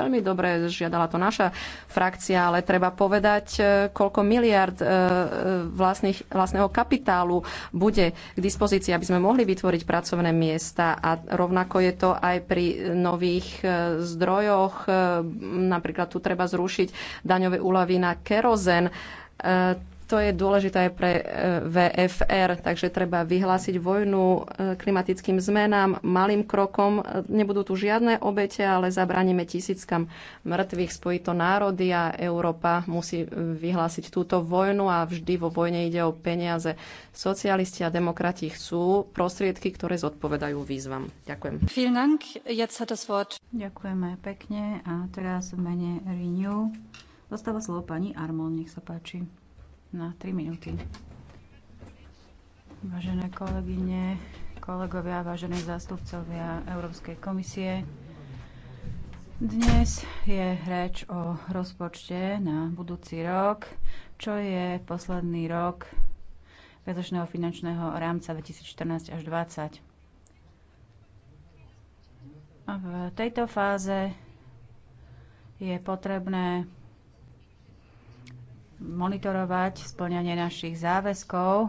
veľmi dobre, žiadala to naša frakcia, ale treba povedať, e, koľko miliard e, e, vlastných, vlastného kapitálu bude k dispozícii, aby sme mohli vytvoriť pracovné miesta a rovnako je to aj pri nových zdrojoch. Napríklad tu treba zrušiť daňové úlavy na kerozen to je dôležité aj pre e, VFR, takže treba vyhlásiť vojnu e, klimatickým zmenám malým krokom. E, nebudú tu žiadne obete, ale zabránime tisíckam mŕtvych. Spojí to národy a Európa musí vyhlásiť túto vojnu a vždy vo vojne ide o peniaze. Socialisti a demokrati chcú prostriedky, ktoré zodpovedajú výzvam. Ďakujem. Ďakujeme pekne a teraz v mene Renew dostáva slovo pani Armon, nech sa páči na 3 minúty. Vážené kolegyne, kolegovia, vážení zástupcovia Európskej komisie, dnes je reč o rozpočte na budúci rok, čo je posledný rok väzočného finančného rámca 2014 až 2020. A v tejto fáze je potrebné monitorovať splňanie našich záväzkov. E,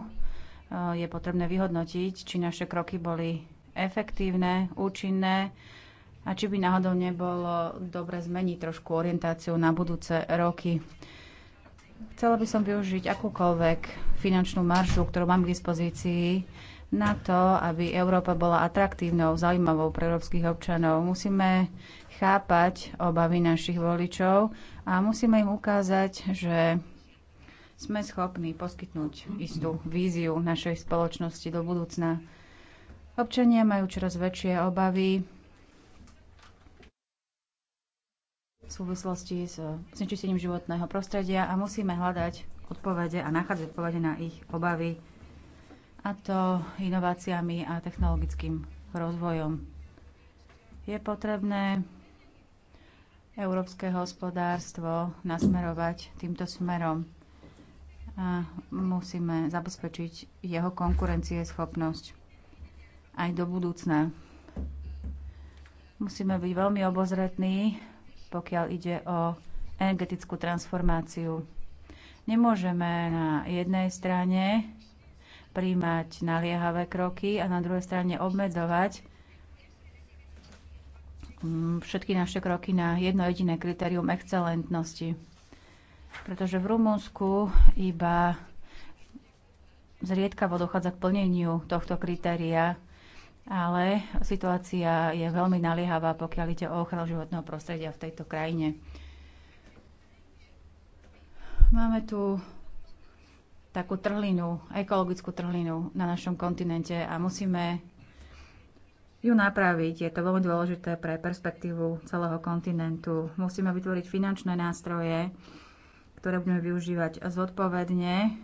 je potrebné vyhodnotiť, či naše kroky boli efektívne, účinné a či by náhodou nebolo dobre zmeniť trošku orientáciu na budúce roky. Chcela by som využiť akúkoľvek finančnú maršu, ktorú mám k dispozícii, na to, aby Európa bola atraktívnou, zaujímavou pre európskych občanov. Musíme chápať obavy našich voličov a musíme im ukázať, že sme schopní poskytnúť istú víziu našej spoločnosti do budúcna. Občania majú čoraz väčšie obavy v súvislosti s znečistením životného prostredia a musíme hľadať odpovede a nachádzať odpovede na ich obavy a to inováciami a technologickým rozvojom. Je potrebné európske hospodárstvo nasmerovať týmto smerom a musíme zabezpečiť jeho konkurencieschopnosť aj do budúcna. Musíme byť veľmi obozretní, pokiaľ ide o energetickú transformáciu. Nemôžeme na jednej strane príjmať naliehavé kroky a na druhej strane obmedzovať mm, všetky naše kroky na jedno jediné kritérium excelentnosti pretože v Rumunsku iba zriedkavo dochádza k plneniu tohto kritéria, ale situácia je veľmi naliehavá, pokiaľ ide o ochranu životného prostredia v tejto krajine. Máme tu takú trhlinu, ekologickú trhlinu na našom kontinente a musíme ju napraviť. Je to veľmi dôležité pre perspektívu celého kontinentu. Musíme vytvoriť finančné nástroje, ktoré budeme využívať zodpovedne,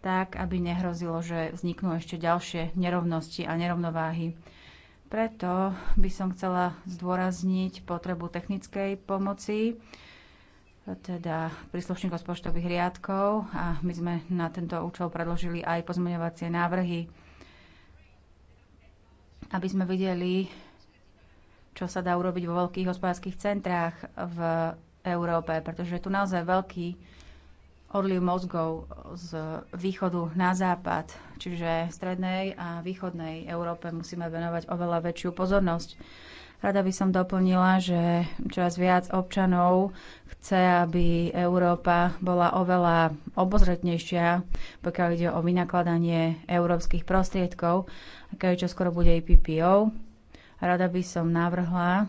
tak aby nehrozilo, že vzniknú ešte ďalšie nerovnosti a nerovnováhy. Preto by som chcela zdôrazniť potrebu technickej pomoci, teda príslušných rozpočtových riadkov a my sme na tento účel predložili aj pozmeňovacie návrhy, aby sme videli, čo sa dá urobiť vo veľkých hospodárskych centrách, v Európe, pretože je tu naozaj veľký odliv mozgov z východu na západ, čiže v strednej a východnej Európe musíme venovať oveľa väčšiu pozornosť. Rada by som doplnila, že čoraz viac občanov chce, aby Európa bola oveľa obozretnejšia, pokiaľ ide o vynakladanie európskych prostriedkov, aké čo skoro bude i PPO. Rada by som navrhla,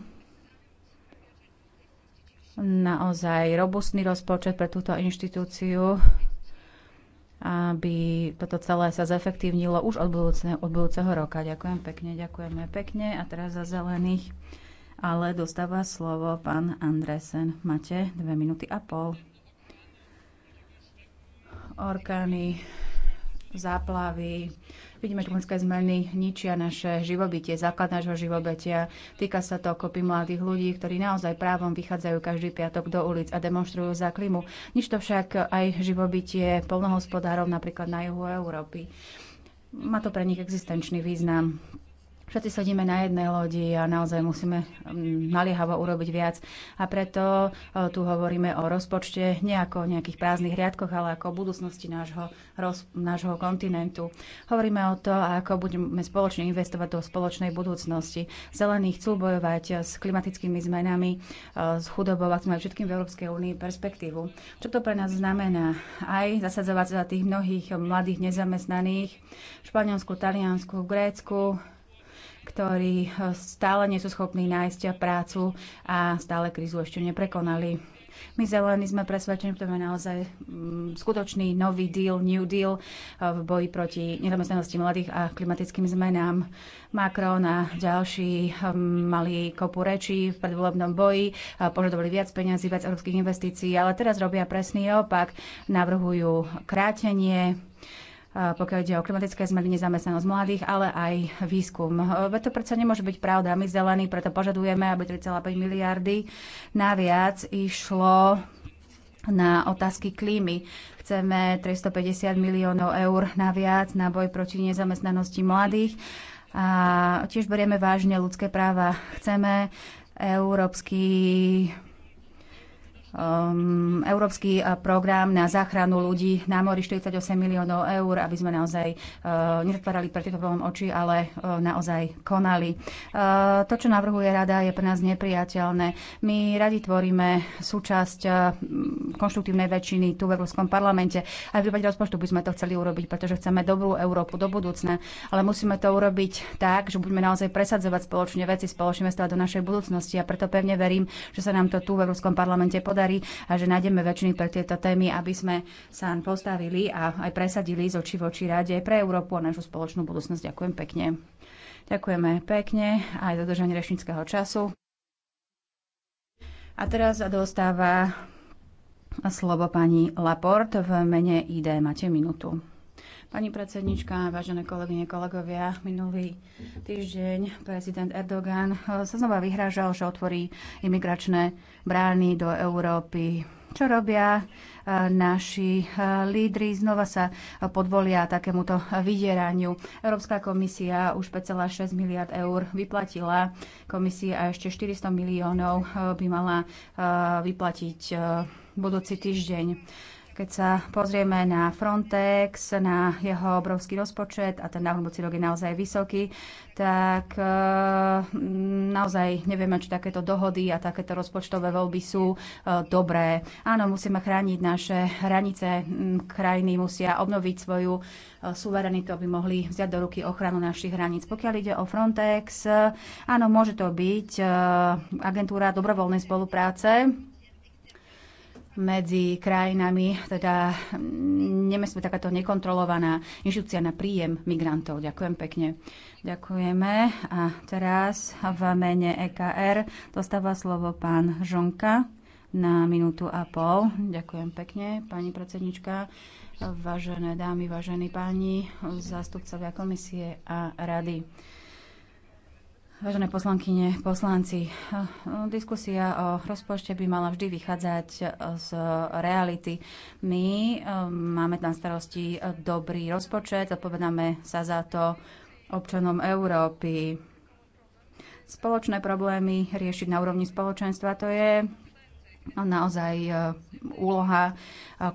naozaj robustný rozpočet pre túto inštitúciu, aby toto celé sa zefektívnilo už od, budúce, od budúceho roka. Ďakujem pekne, ďakujeme pekne. A teraz za zelených, ale dostáva slovo pán Andresen. Máte dve minúty a pol. Orkány, záplavy, Vidíme, že klimatické zmeny ničia naše živobytie, základ nášho živobytia. Týka sa to kopy mladých ľudí, ktorí naozaj právom vychádzajú každý piatok do ulic a demonstrujú za klimu. Nič to však aj živobytie polnohospodárov napríklad na juhu Európy. Má to pre nich existenčný význam. Všetci sedíme na jednej lodi a naozaj musíme mm, naliehavo urobiť viac. A preto e, tu hovoríme o rozpočte, nie ako o nejakých prázdnych riadkoch, ale ako o budúcnosti nášho, roz, nášho kontinentu. Hovoríme o to, ako budeme spoločne investovať do spoločnej budúcnosti. Zelení chcú bojovať s klimatickými zmenami, e, s chudobou a sme všetkým v Európskej únii perspektívu. Čo to pre nás znamená? Aj zasadzovať za tých mnohých mladých nezamestnaných v Španielsku, Taliansku, Grécku, ktorí eh, stále nie sú schopní nájsť prácu a stále krízu ešte neprekonali. My zelení sme presvedčení, že to je naozaj mm, skutočný nový deal, new deal eh, v boji proti nezamestnanosti mladých a klimatickým zmenám. Macron a ďalší eh, mali kopu rečí v predvolebnom boji, požadovali viac peňazí, viac európskych investícií, ale teraz robia presný opak, navrhujú krátenie pokiaľ ide o klimatické zmeny, nezamestnanosť mladých, ale aj výskum. Veď to predsa nemôže byť pravda. My zelení preto požadujeme, aby 3,5 miliardy naviac išlo na otázky klímy. Chceme 350 miliónov eur naviac na boj proti nezamestnanosti mladých. A tiež berieme vážne ľudské práva. Chceme európsky um, európsky uh, program na záchranu ľudí na mori 48 miliónov eur, aby sme naozaj uh, nezatvárali pre tieto problémom oči, ale uh, naozaj konali. Uh, to, čo navrhuje rada, je pre nás nepriateľné. My radi tvoríme súčasť uh, konštruktívnej väčšiny tu v Európskom parlamente. Aj v prípade rozpočtu by sme to chceli urobiť, pretože chceme dobrú Európu do budúcna, ale musíme to urobiť tak, že budeme naozaj presadzovať spoločne veci, spoločne investovať do našej budúcnosti a preto pevne verím, že sa nám to tu v Európskom parlamente podarí podarí a že nájdeme väčšiny pre tieto témy, aby sme sa postavili a aj presadili z očí v oči rade pre Európu a našu spoločnú budúcnosť. Ďakujem pekne. Ďakujeme pekne aj za držanie rešnického času. A teraz dostáva slovo pani Laport v mene ID. Máte minútu. Pani predsednička, vážené kolegyne, kolegovia, minulý týždeň prezident Erdogan eh, sa znova vyhrážal, že otvorí imigračné brány do Európy. Čo robia eh, naši eh, lídry? Znova sa podvolia takémuto vydieraniu. Európska komisia už 5,6 miliard eur vyplatila komisia a ešte 400 miliónov by mala vyplatiť budúci týždeň. Keď sa pozrieme na Frontex, na jeho obrovský rozpočet, a ten na rok je naozaj vysoký, tak e, naozaj nevieme, či takéto dohody a takéto rozpočtové voľby sú e, dobré. Áno, musíme chrániť naše hranice. Krajiny musia obnoviť svoju e, suverenitu, aby mohli vziať do ruky ochranu našich hraníc. Pokiaľ ide o Frontex, áno, môže to byť agentúra dobrovoľnej spolupráce, medzi krajinami, teda mm, sme takáto nekontrolovaná inštitúcia na príjem migrantov. Ďakujem pekne. Ďakujeme. A teraz v mene EKR dostáva slovo pán Žonka na minútu a pol. Ďakujem pekne, pani predsednička, vážené dámy, vážení páni, zástupcovia komisie a rady. Vážené poslankyne, poslanci, diskusia o rozpočte by mala vždy vychádzať z reality. My um, máme na starosti dobrý rozpočet, odpovedáme sa za to občanom Európy. Spoločné problémy riešiť na úrovni spoločenstva, to je No, naozaj e, úloha, e,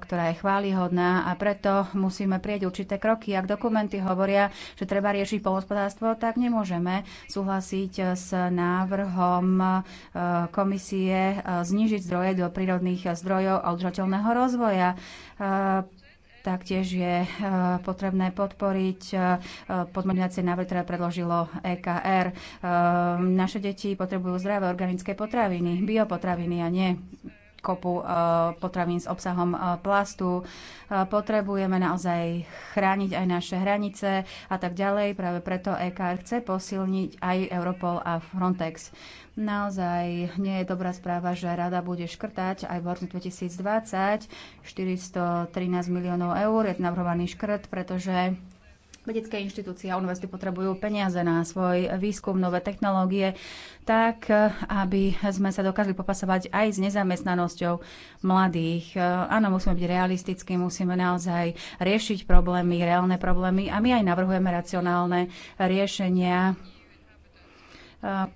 ktorá je chválihodná a preto musíme prieť určité kroky. Ak dokumenty hovoria, že treba riešiť polospodárstvo, tak nemôžeme súhlasiť e, s návrhom komisie znižiť zdroje do prírodných zdrojov a udržateľného rozvoja Taktiež je e, potrebné podporiť e, podmodňovacie návrhy, ktoré predložilo EKR. E, naše deti potrebujú zdravé organické potraviny, biopotraviny a nie kopu eh, potravín s obsahom eh, plastu. Eh, potrebujeme naozaj chrániť aj naše hranice a tak ďalej. Práve preto EKR chce posilniť aj Europol a Frontex. Naozaj nie je dobrá správa, že rada bude škrtať aj v roku 2020 413 miliónov eur je navrhovaný škrt, pretože vedecké inštitúcie a univerzity potrebujú peniaze na svoj výskum, nové technológie, tak eh, aby sme sa dokázali popasovať aj s nezamestnanosťou mladých. Eh, áno, musíme byť realistickí, musíme naozaj riešiť problémy, reálne problémy a my aj navrhujeme racionálne riešenia eh,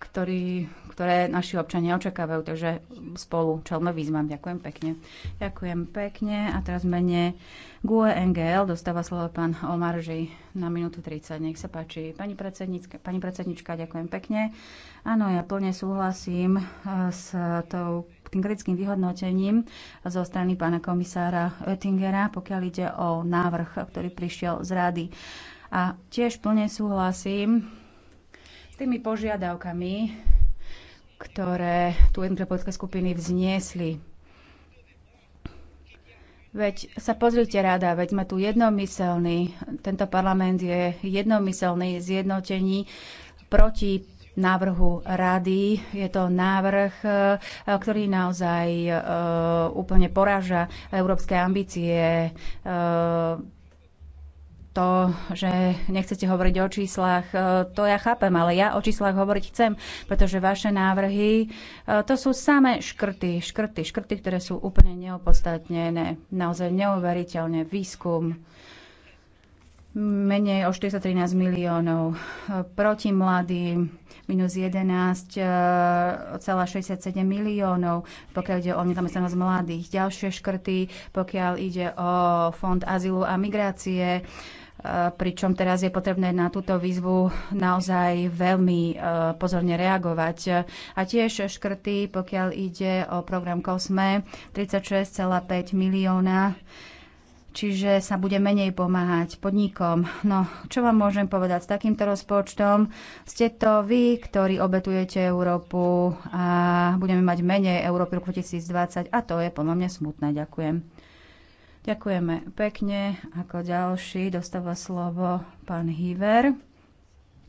ktorý, ktoré naši občania očakávajú. Takže spolu čelme výzvam. Ďakujem pekne. Ďakujem pekne. A teraz mene GUE NGL dostáva slovo pán Omarži na minútu 30. Nech sa páči. Pani pani predsednička ďakujem pekne. Áno, ja plne súhlasím eh, s tou tým kritickým vyhodnotením zo strany pána komisára Oettingera, pokiaľ ide o návrh, ktorý prišiel z rady. A tiež plne súhlasím tými požiadavkami, ktoré tu jednotlivé politické skupiny vzniesli. Veď sa pozrite rada, veď sme tu jednomyselní. Tento parlament je jednomyselný zjednotení proti návrhu rady. Je to návrh, e, ktorý naozaj e, úplne poráža európske ambície e, to, že nechcete hovoriť o číslach, e, to ja chápem, ale ja o číslach hovoriť chcem, pretože vaše návrhy, e, to sú samé škrty, škrty, škrty, ktoré sú úplne neopodstatnené, naozaj neuveriteľne, výskum, menej o 413 miliónov. Proti mladým minus 11,67 e, miliónov, pokiaľ ide o nezamestnanosť mladých. Ďalšie škrty, pokiaľ ide o fond azylu a migrácie, e, pričom teraz je potrebné na túto výzvu naozaj veľmi e, pozorne reagovať. A tiež škrty, pokiaľ ide o program COSME, 36,5 milióna čiže sa bude menej pomáhať podnikom. No, čo vám môžem povedať? S takýmto rozpočtom ste to vy, ktorí obetujete Európu a budeme mať menej Európy roku 2020 a to je podľa mňa smutné. Ďakujem. Ďakujeme pekne. Ako ďalší dostáva slovo pán Hiver.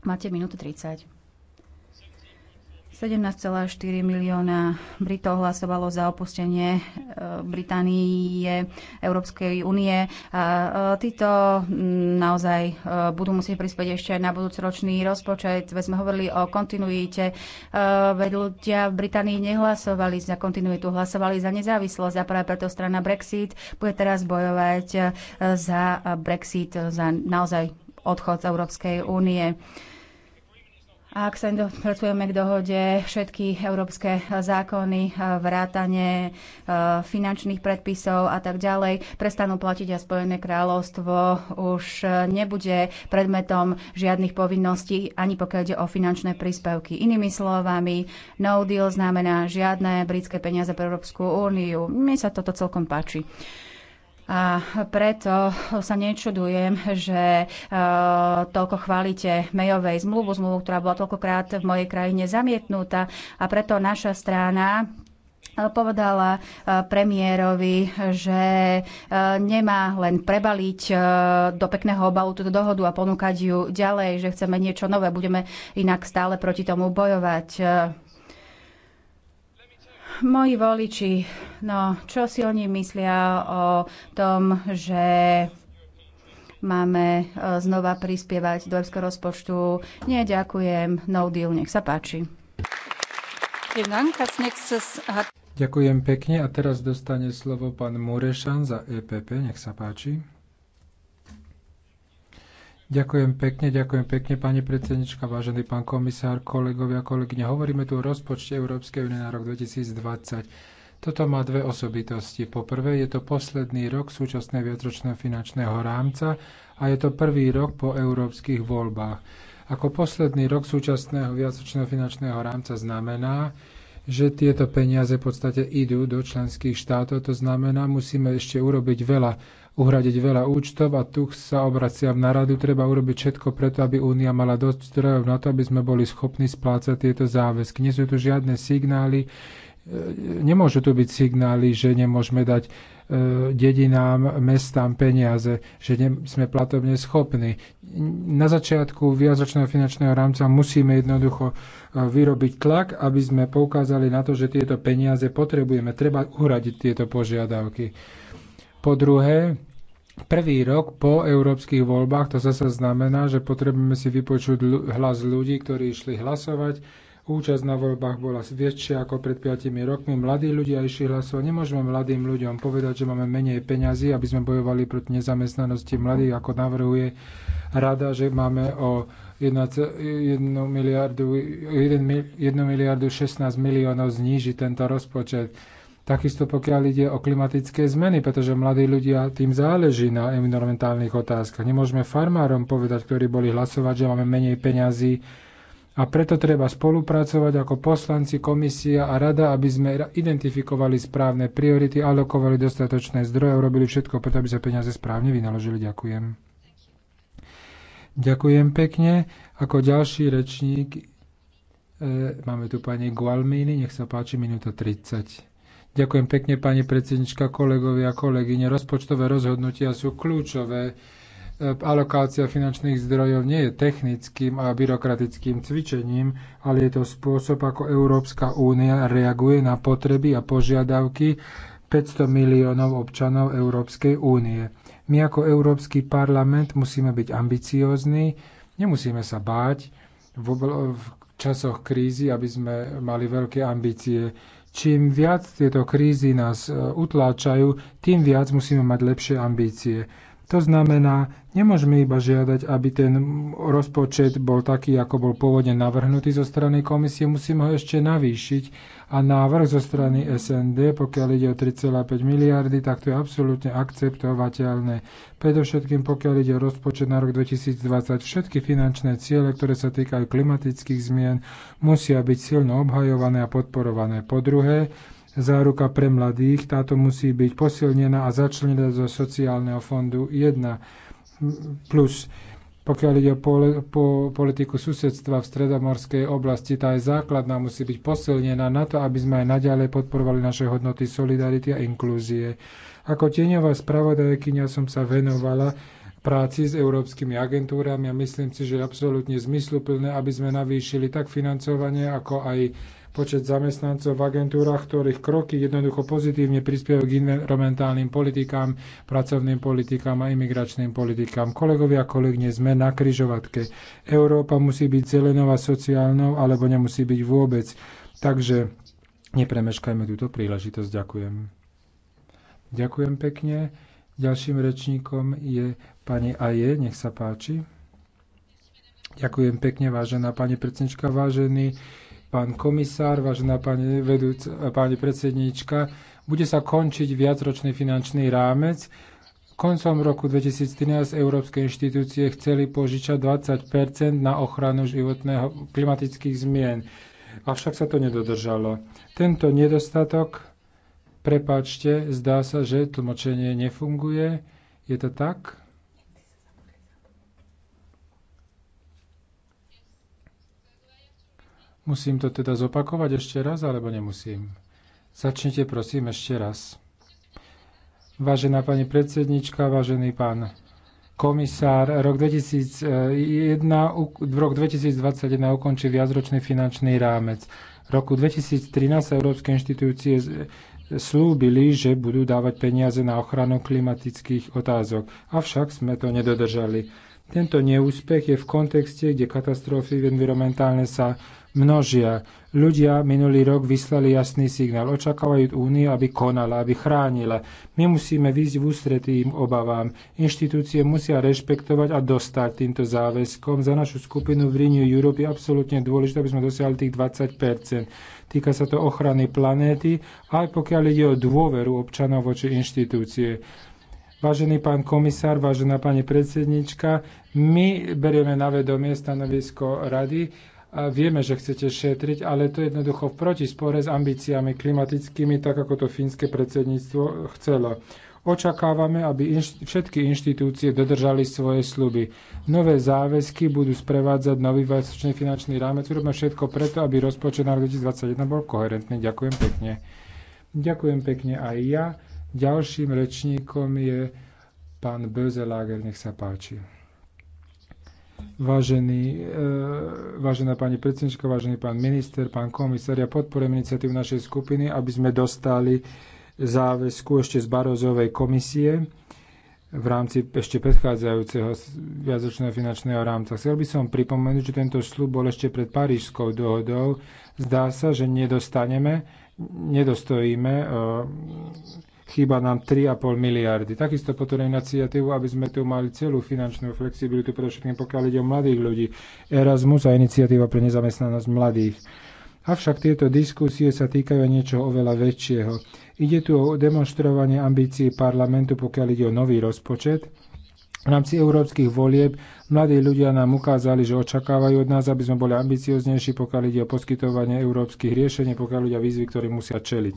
Máte minútu 30. 17,4 milióna Britov hlasovalo za opustenie e, Británie, Európskej únie. E, títo naozaj e, budú musieť prispieť ešte aj na ročný rozpočet. Veď sme hovorili o kontinuite. Veď ľudia v Británii nehlasovali za kontinuitu, hlasovali za nezávislosť a práve preto strana Brexit bude teraz bojovať za Brexit, za naozaj odchod z Európskej únie. Ak sa interpretujeme k dohode všetky európske zákony, e, vrátanie e, finančných predpisov a tak ďalej, prestanú platiť a Spojené kráľovstvo už e, nebude predmetom žiadnych povinností, ani pokiaľ ide o finančné príspevky. Inými slovami, no deal znamená žiadne britské peniaze pre Európsku úniu. Mne sa toto celkom páči. A preto sa nečudujem, že e, toľko chválite Mejovej zmluvu, zmluvu, ktorá bola toľkokrát v mojej krajine zamietnutá. A preto naša strana e, povedala e, premiérovi, že nemá len prebaliť do pekného obalu túto dohodu a ponúkať ju ďalej, že chceme niečo nové, budeme inak stále proti tomu bojovať Moji voliči, no čo si oni myslia o tom, že máme e, znova prispievať do európskeho rozpočtu. Nie, ďakujem. No deal, nech sa páči. Ďakujem pekne a teraz dostane slovo pán Murešan za EPP. Nech sa páči. Ďakujem pekne, ďakujem pekne, pani predsednička, vážený pán komisár, kolegovia, kolegyne. Hovoríme tu o rozpočte Európskej únie na rok 2020. Toto má dve osobitosti. Po prvé, je to posledný rok súčasného viacročného finančného rámca a je to prvý rok po európskych voľbách. Ako posledný rok súčasného viacročného finančného rámca znamená, že tieto peniaze v podstate idú do členských štátov. To znamená, musíme ešte urobiť veľa uhradiť veľa účtov a tu sa obraciam v radu. Treba urobiť všetko preto, aby Únia mala dosť zdrojov na to, aby sme boli schopní splácať tieto záväzky. Nie sú tu žiadne signály, e, nemôžu tu byť signály, že nemôžeme dať e, dedinám, mestám peniaze, že ne, sme platobne schopní. Na začiatku viacročného finančného rámca musíme jednoducho e, vyrobiť tlak, aby sme poukázali na to, že tieto peniaze potrebujeme. Treba uhradiť tieto požiadavky. Po druhé, prvý rok po európskych voľbách, to zase znamená, že potrebujeme si vypočuť hlas ľudí, ktorí išli hlasovať. Účasť na voľbách bola väčšia ako pred 5 rokmi. Mladí ľudia išli hlasovať. Nemôžeme mladým ľuďom povedať, že máme menej peňazí, aby sme bojovali proti nezamestnanosti mladých, ako navrhuje rada, že máme o 1 miliardu, 1 miliardu 16 miliónov znížiť tento rozpočet. Takisto pokiaľ ide o klimatické zmeny, pretože mladí ľudia tým záleží na environmentálnych otázkach. Nemôžeme farmárom povedať, ktorí boli hlasovať, že máme menej peňazí. A preto treba spolupracovať ako poslanci, komisia a rada, aby sme identifikovali správne priority, alokovali dostatočné zdroje, urobili všetko preto, aby sa peniaze správne vynaložili. Ďakujem. Ďakujem pekne. Ako ďalší rečník e, máme tu pani Gualmini. Nech sa páči, minúta 30. Ďakujem pekne, pani predsednička, kolegovia a kolegyne. Rozpočtové rozhodnutia sú kľúčové. E, alokácia finančných zdrojov nie je technickým a byrokratickým cvičením, ale je to spôsob, ako Európska únia reaguje na potreby a požiadavky 500 miliónov občanov Európskej únie. My ako Európsky parlament musíme byť ambiciózni, nemusíme sa báť v, v časoch krízy, aby sme mali veľké ambície. Čím viac tieto krízy nás e, utláčajú, tým viac musíme mať lepšie ambície. To znamená, nemôžeme iba žiadať, aby ten rozpočet bol taký, ako bol pôvodne navrhnutý zo strany komisie, musíme ho ešte navýšiť a návrh zo strany SND, pokiaľ ide o 3,5 miliardy, tak to je absolútne akceptovateľné. Predovšetkým, pokiaľ ide o rozpočet na rok 2020, všetky finančné ciele, ktoré sa týkajú klimatických zmien, musia byť silno obhajované a podporované. Po druhé, záruka pre mladých, táto musí byť posilnená a začlenená do sociálneho fondu 1 plus pokiaľ ide o politiku susedstva v stredomorskej oblasti, tá je základná, musí byť posilnená na to, aby sme aj naďalej podporovali naše hodnoty solidarity a inklúzie. Ako tieňová spravodajkynia som sa venovala práci s európskymi agentúrami a myslím si, že je absolútne zmysluplné, aby sme navýšili tak financovanie, ako aj počet zamestnancov v agentúrach, ktorých kroky jednoducho pozitívne prispievajú k environmentálnym politikám, pracovným politikám a imigračným politikám. Kolegovia a kolegne, sme na kryžovatke. Európa musí byť zelenou a sociálnou, alebo nemusí byť vôbec. Takže nepremeškajme túto príležitosť. Ďakujem. Ďakujem pekne. Ďalším rečníkom je Pani Aje, nech sa páči. Ďakujem pekne, vážená pani predsednička, vážený pán komisár, vážená pani, vedúc, pani predsednička. bude sa končiť viacročný finančný rámec. Koncom roku 2013 európske inštitúcie chceli požičať 20 na ochranu životného klimatických zmien. Avšak sa to nedodržalo. Tento nedostatok, prepačte, zdá sa, že tlmočenie nefunguje. Je to tak? Musím to teda zopakovať ešte raz, alebo nemusím? Začnite prosím ešte raz. Vážená pani predsednička, vážený pán komisár, rok 2001, rok 2021 ukončí viacročný finančný rámec. V roku 2013 európske inštitúcie slúbili, že budú dávať peniaze na ochranu klimatických otázok, avšak sme to nedodržali. Tento neúspech je v kontexte, kde katastrofy environmentálne sa množia. Ľudia minulý rok vyslali jasný signál. Očakávajú Úniu, aby konala, aby chránila. My musíme výjsť v ústretí im obavám. Inštitúcie musia rešpektovať a dostať týmto záväzkom. Za našu skupinu v Renew Europe je absolútne dôležité, aby sme dosiahli tých 20 Týka sa to ochrany planéty, aj pokiaľ ide o dôveru občanov voči inštitúcie. Vážený pán komisár, vážená pani predsednička, my berieme na vedomie stanovisko rady Vieme, že chcete šetriť, ale to je jednoducho v protispore s ambíciami klimatickými, tak ako to fínske predsedníctvo chcelo. Očakávame, aby inš- všetky inštitúcie dodržali svoje sluby. Nové záväzky budú sprevádzať nový vásočný finančný rámec. Urobme všetko preto, aby rozpočet na 2021 bol koherentný. Ďakujem pekne. Ďakujem pekne aj ja. Ďalším rečníkom je pán Bözelager. Nech sa páči. Vážený, e, vážená pani predsednička, vážený pán minister, pán komisár, ja podporujem iniciatívu našej skupiny, aby sme dostali záväzku ešte z Barozovej komisie v rámci ešte predchádzajúceho viacročného finančného rámca. Chcel by som pripomenúť, že tento slub bol ešte pred Parížskou dohodou. Zdá sa, že nedostaneme, nedostojíme e, chýba nám 3,5 miliardy. Takisto potrebujem iniciatívu, aby sme tu mali celú finančnú flexibilitu, predovšetkým pokiaľ ide o mladých ľudí. Erasmus a iniciatíva pre nezamestnanosť mladých. Avšak tieto diskusie sa týkajú niečoho oveľa väčšieho. Ide tu o demonstrovanie ambícií parlamentu, pokiaľ ide o nový rozpočet. V rámci európskych volieb mladí ľudia nám ukázali, že očakávajú od nás, aby sme boli ambicioznejší, pokiaľ ide o poskytovanie európskych riešení, pokiaľ ľudia výzvy, ktoré musia čeliť.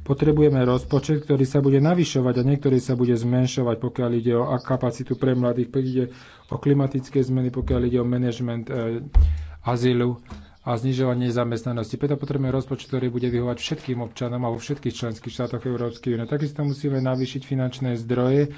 Potrebujeme rozpočet, ktorý sa bude navyšovať a niektorý sa bude zmenšovať, pokiaľ ide o kapacitu pre mladých, pokiaľ ide o klimatické zmeny, pokiaľ ide o management e, azylu a znižovanie nezamestnanosti. Preto potrebujeme rozpočet, ktorý bude vyhovať všetkým občanom a vo všetkých členských štátoch Európskej únie. Takisto musíme navýšiť finančné zdroje,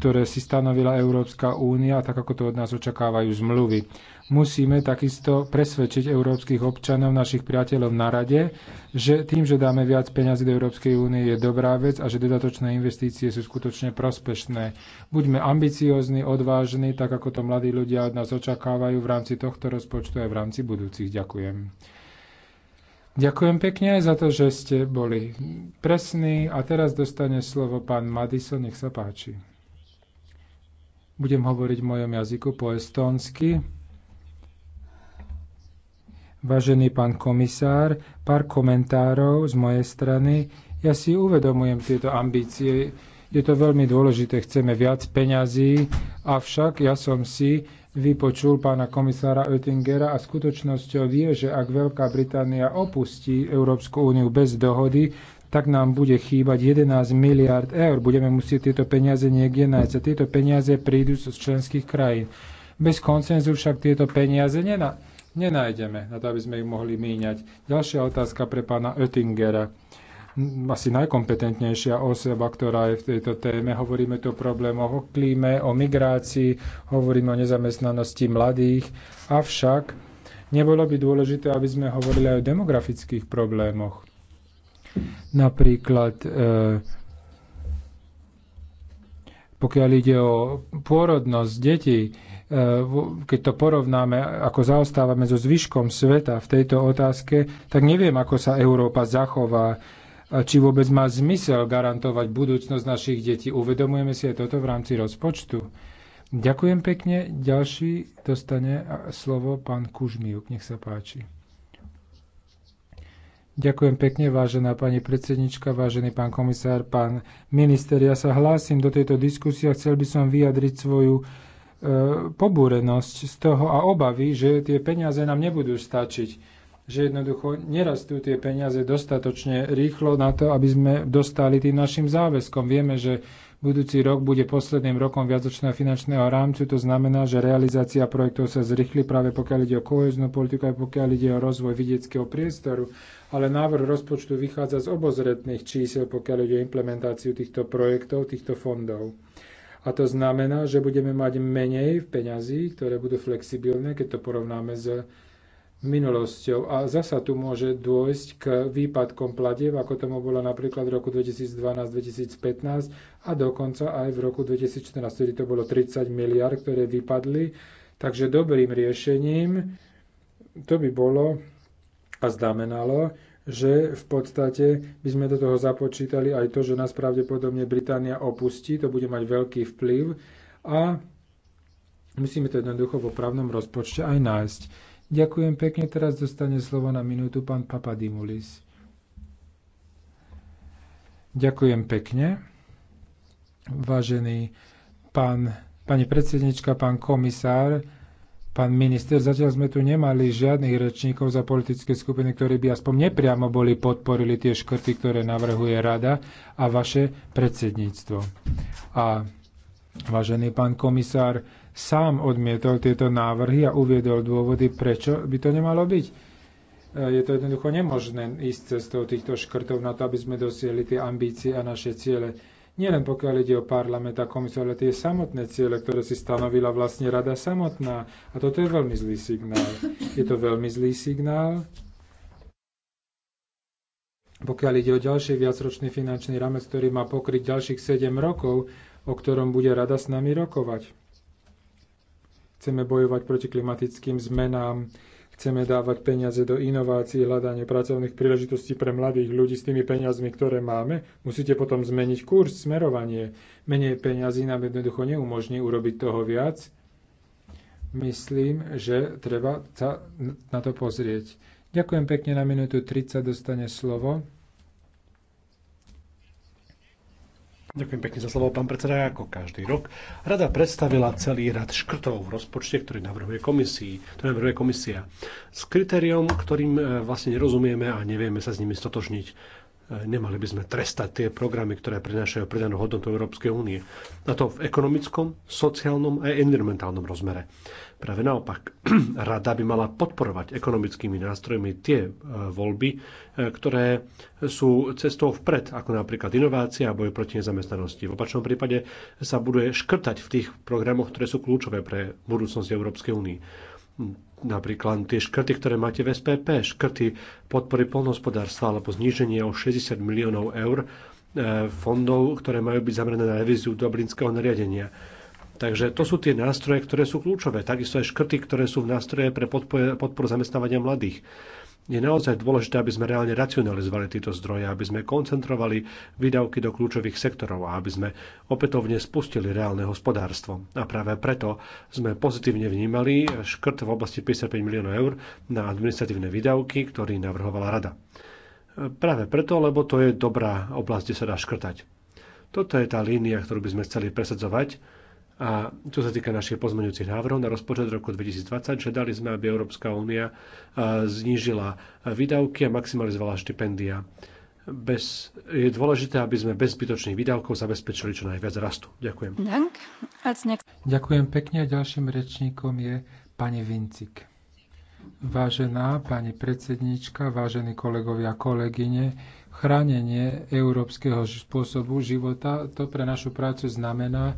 ktoré si stanovila Európska únia, tak ako to od nás očakávajú zmluvy. Musíme takisto presvedčiť európskych občanov, našich priateľov na rade, že tým, že dáme viac peňazí do Európskej únie, je dobrá vec a že dodatočné investície sú skutočne prospešné. Buďme ambiciózni, odvážni, tak ako to mladí ľudia od nás očakávajú v rámci tohto rozpočtu aj v rámci budúcich. Ďakujem. Ďakujem. Ďakujem pekne aj za to, že ste boli presní a teraz dostane slovo pán Madison, nech sa páči. Budem hovoriť v mojom jazyku po estónsky. Vážený pán komisár, pár komentárov z mojej strany. Ja si uvedomujem tieto ambície, je to veľmi dôležité, chceme viac peňazí, avšak ja som si vypočul pána komisára Oettingera a skutočnosťou je, že ak Veľká Británia opustí Európsku úniu bez dohody, tak nám bude chýbať 11 miliard eur. Budeme musieť tieto peniaze niekde nájsť a tieto peniaze prídu z členských krajín. Bez koncenzu však tieto peniaze nena- nenájdeme, na to, aby sme ich mohli míňať. Ďalšia otázka pre pána Oettingera asi najkompetentnejšia osoba, ktorá je v tejto téme. Hovoríme tu o problémoch o klíme, o migrácii, hovoríme o nezamestnanosti mladých, avšak nebolo by dôležité, aby sme hovorili aj o demografických problémoch. Napríklad e, pokiaľ ide o pôrodnosť detí, e, keď to porovnáme, ako zaostávame so zvyškom sveta v tejto otázke, tak neviem, ako sa Európa zachová či vôbec má zmysel garantovať budúcnosť našich detí. Uvedomujeme si aj toto v rámci rozpočtu. Ďakujem pekne. Ďalší dostane slovo pán Kužmiuk. Nech sa páči. Ďakujem pekne, vážená pani predsednička, vážený pán komisár, pán minister. Ja sa hlásim do tejto diskusie a chcel by som vyjadriť svoju e, pobúrenosť z toho a obavy, že tie peniaze nám nebudú stačiť že jednoducho nerastú tie peniaze dostatočne rýchlo na to, aby sme dostali tým našim záväzkom. Vieme, že budúci rok bude posledným rokom viacočného finančného rámcu, to znamená, že realizácia projektov sa zrýchli práve pokiaľ ide o koheznú politiku aj pokiaľ ide o rozvoj vidieckého priestoru, ale návrh rozpočtu vychádza z obozretných čísel, pokiaľ ide o implementáciu týchto projektov, týchto fondov. A to znamená, že budeme mať menej peňazí, ktoré budú flexibilné, keď to porovnáme s minulosťou. A zasa tu môže dôjsť k výpadkom platieb, ako tomu bolo napríklad v roku 2012-2015 a dokonca aj v roku 2014, kedy to bolo 30 miliard, ktoré vypadli. Takže dobrým riešením to by bolo a znamenalo, že v podstate by sme do toho započítali aj to, že nás pravdepodobne Británia opustí, to bude mať veľký vplyv a musíme to jednoducho vo právnom rozpočte aj nájsť. Ďakujem pekne, teraz dostane slovo na minútu pán Papadimulis. Ďakujem pekne. Vážený pán, pani predsednička, pán komisár, pán minister, zatiaľ sme tu nemali žiadnych rečníkov za politické skupiny, ktorí by aspoň nepriamo boli podporili tie škrty, ktoré navrhuje rada a vaše predsedníctvo. A vážený pán komisár, sám odmietol tieto návrhy a uviedol dôvody, prečo by to nemalo byť. E, je to jednoducho nemožné ísť cestou týchto škrtov na to, aby sme dosiahli tie ambície a naše ciele. Nielen pokiaľ ide o parlament a komisiu, ale tie samotné ciele, ktoré si stanovila vlastne rada samotná. A toto je veľmi zlý signál. Je to veľmi zlý signál. Pokiaľ ide o ďalší viacročný finančný ramec, ktorý má pokryť ďalších 7 rokov, o ktorom bude rada s nami rokovať. Chceme bojovať proti klimatickým zmenám, chceme dávať peniaze do inovácií, hľadanie pracovných príležitostí pre mladých ľudí s tými peniazmi, ktoré máme, musíte potom zmeniť kurz, smerovanie. Menej peniazy nám jednoducho neumožní urobiť toho viac. Myslím, že treba sa na to pozrieť. Ďakujem pekne, na minútu 30 dostane slovo. Ďakujem pekne za slovo, pán predseda. Ako každý rok, rada predstavila celý rad škrtov v rozpočte, ktorý navrhuje, komisii, ktorý navrhuje komisia. S kritériom, ktorým e, vlastne nerozumieme a nevieme sa s nimi stotožniť. E, nemali by sme trestať tie programy, ktoré prinášajú pridanú hodnotu Európskej únie. A to v ekonomickom, sociálnom a environmentálnom rozmere. Práve naopak, rada by mala podporovať ekonomickými nástrojmi tie e, voľby, e, ktoré sú cestou vpred, ako napríklad inovácia a boj proti nezamestnanosti. V opačnom prípade sa bude škrtať v tých programoch, ktoré sú kľúčové pre budúcnosť Európskej únie napríklad tie škrty, ktoré máte v SPP, škrty podpory polnohospodárstva alebo zníženie o 60 miliónov eur e, fondov, ktoré majú byť zamerané na revíziu Dublinského nariadenia Takže to sú tie nástroje, ktoré sú kľúčové. Takisto aj škrty, ktoré sú v nástroje pre podporu zamestnávania mladých je naozaj dôležité, aby sme reálne racionalizovali tieto zdroje, aby sme koncentrovali výdavky do kľúčových sektorov a aby sme opätovne spustili reálne hospodárstvo. A práve preto sme pozitívne vnímali škrt v oblasti 55 miliónov eur na administratívne výdavky, ktorý navrhovala rada. Práve preto, lebo to je dobrá oblasť, kde sa dá škrtať. Toto je tá línia, ktorú by sme chceli presadzovať a čo sa týka našich pozmeňujúcich návrhov na rozpočet roku 2020, žiadali sme, aby Európska únia znížila výdavky a maximalizovala štipendia. Bez, je dôležité, aby sme bez zbytočných výdavkov zabezpečili čo najviac rastu. Ďakujem. Ďakujem pekne. Ďalším rečníkom je pani Vincik. Vážená pani predsednička, vážení kolegovia a kolegyne, chránenie európskeho spôsobu života, to pre našu prácu znamená,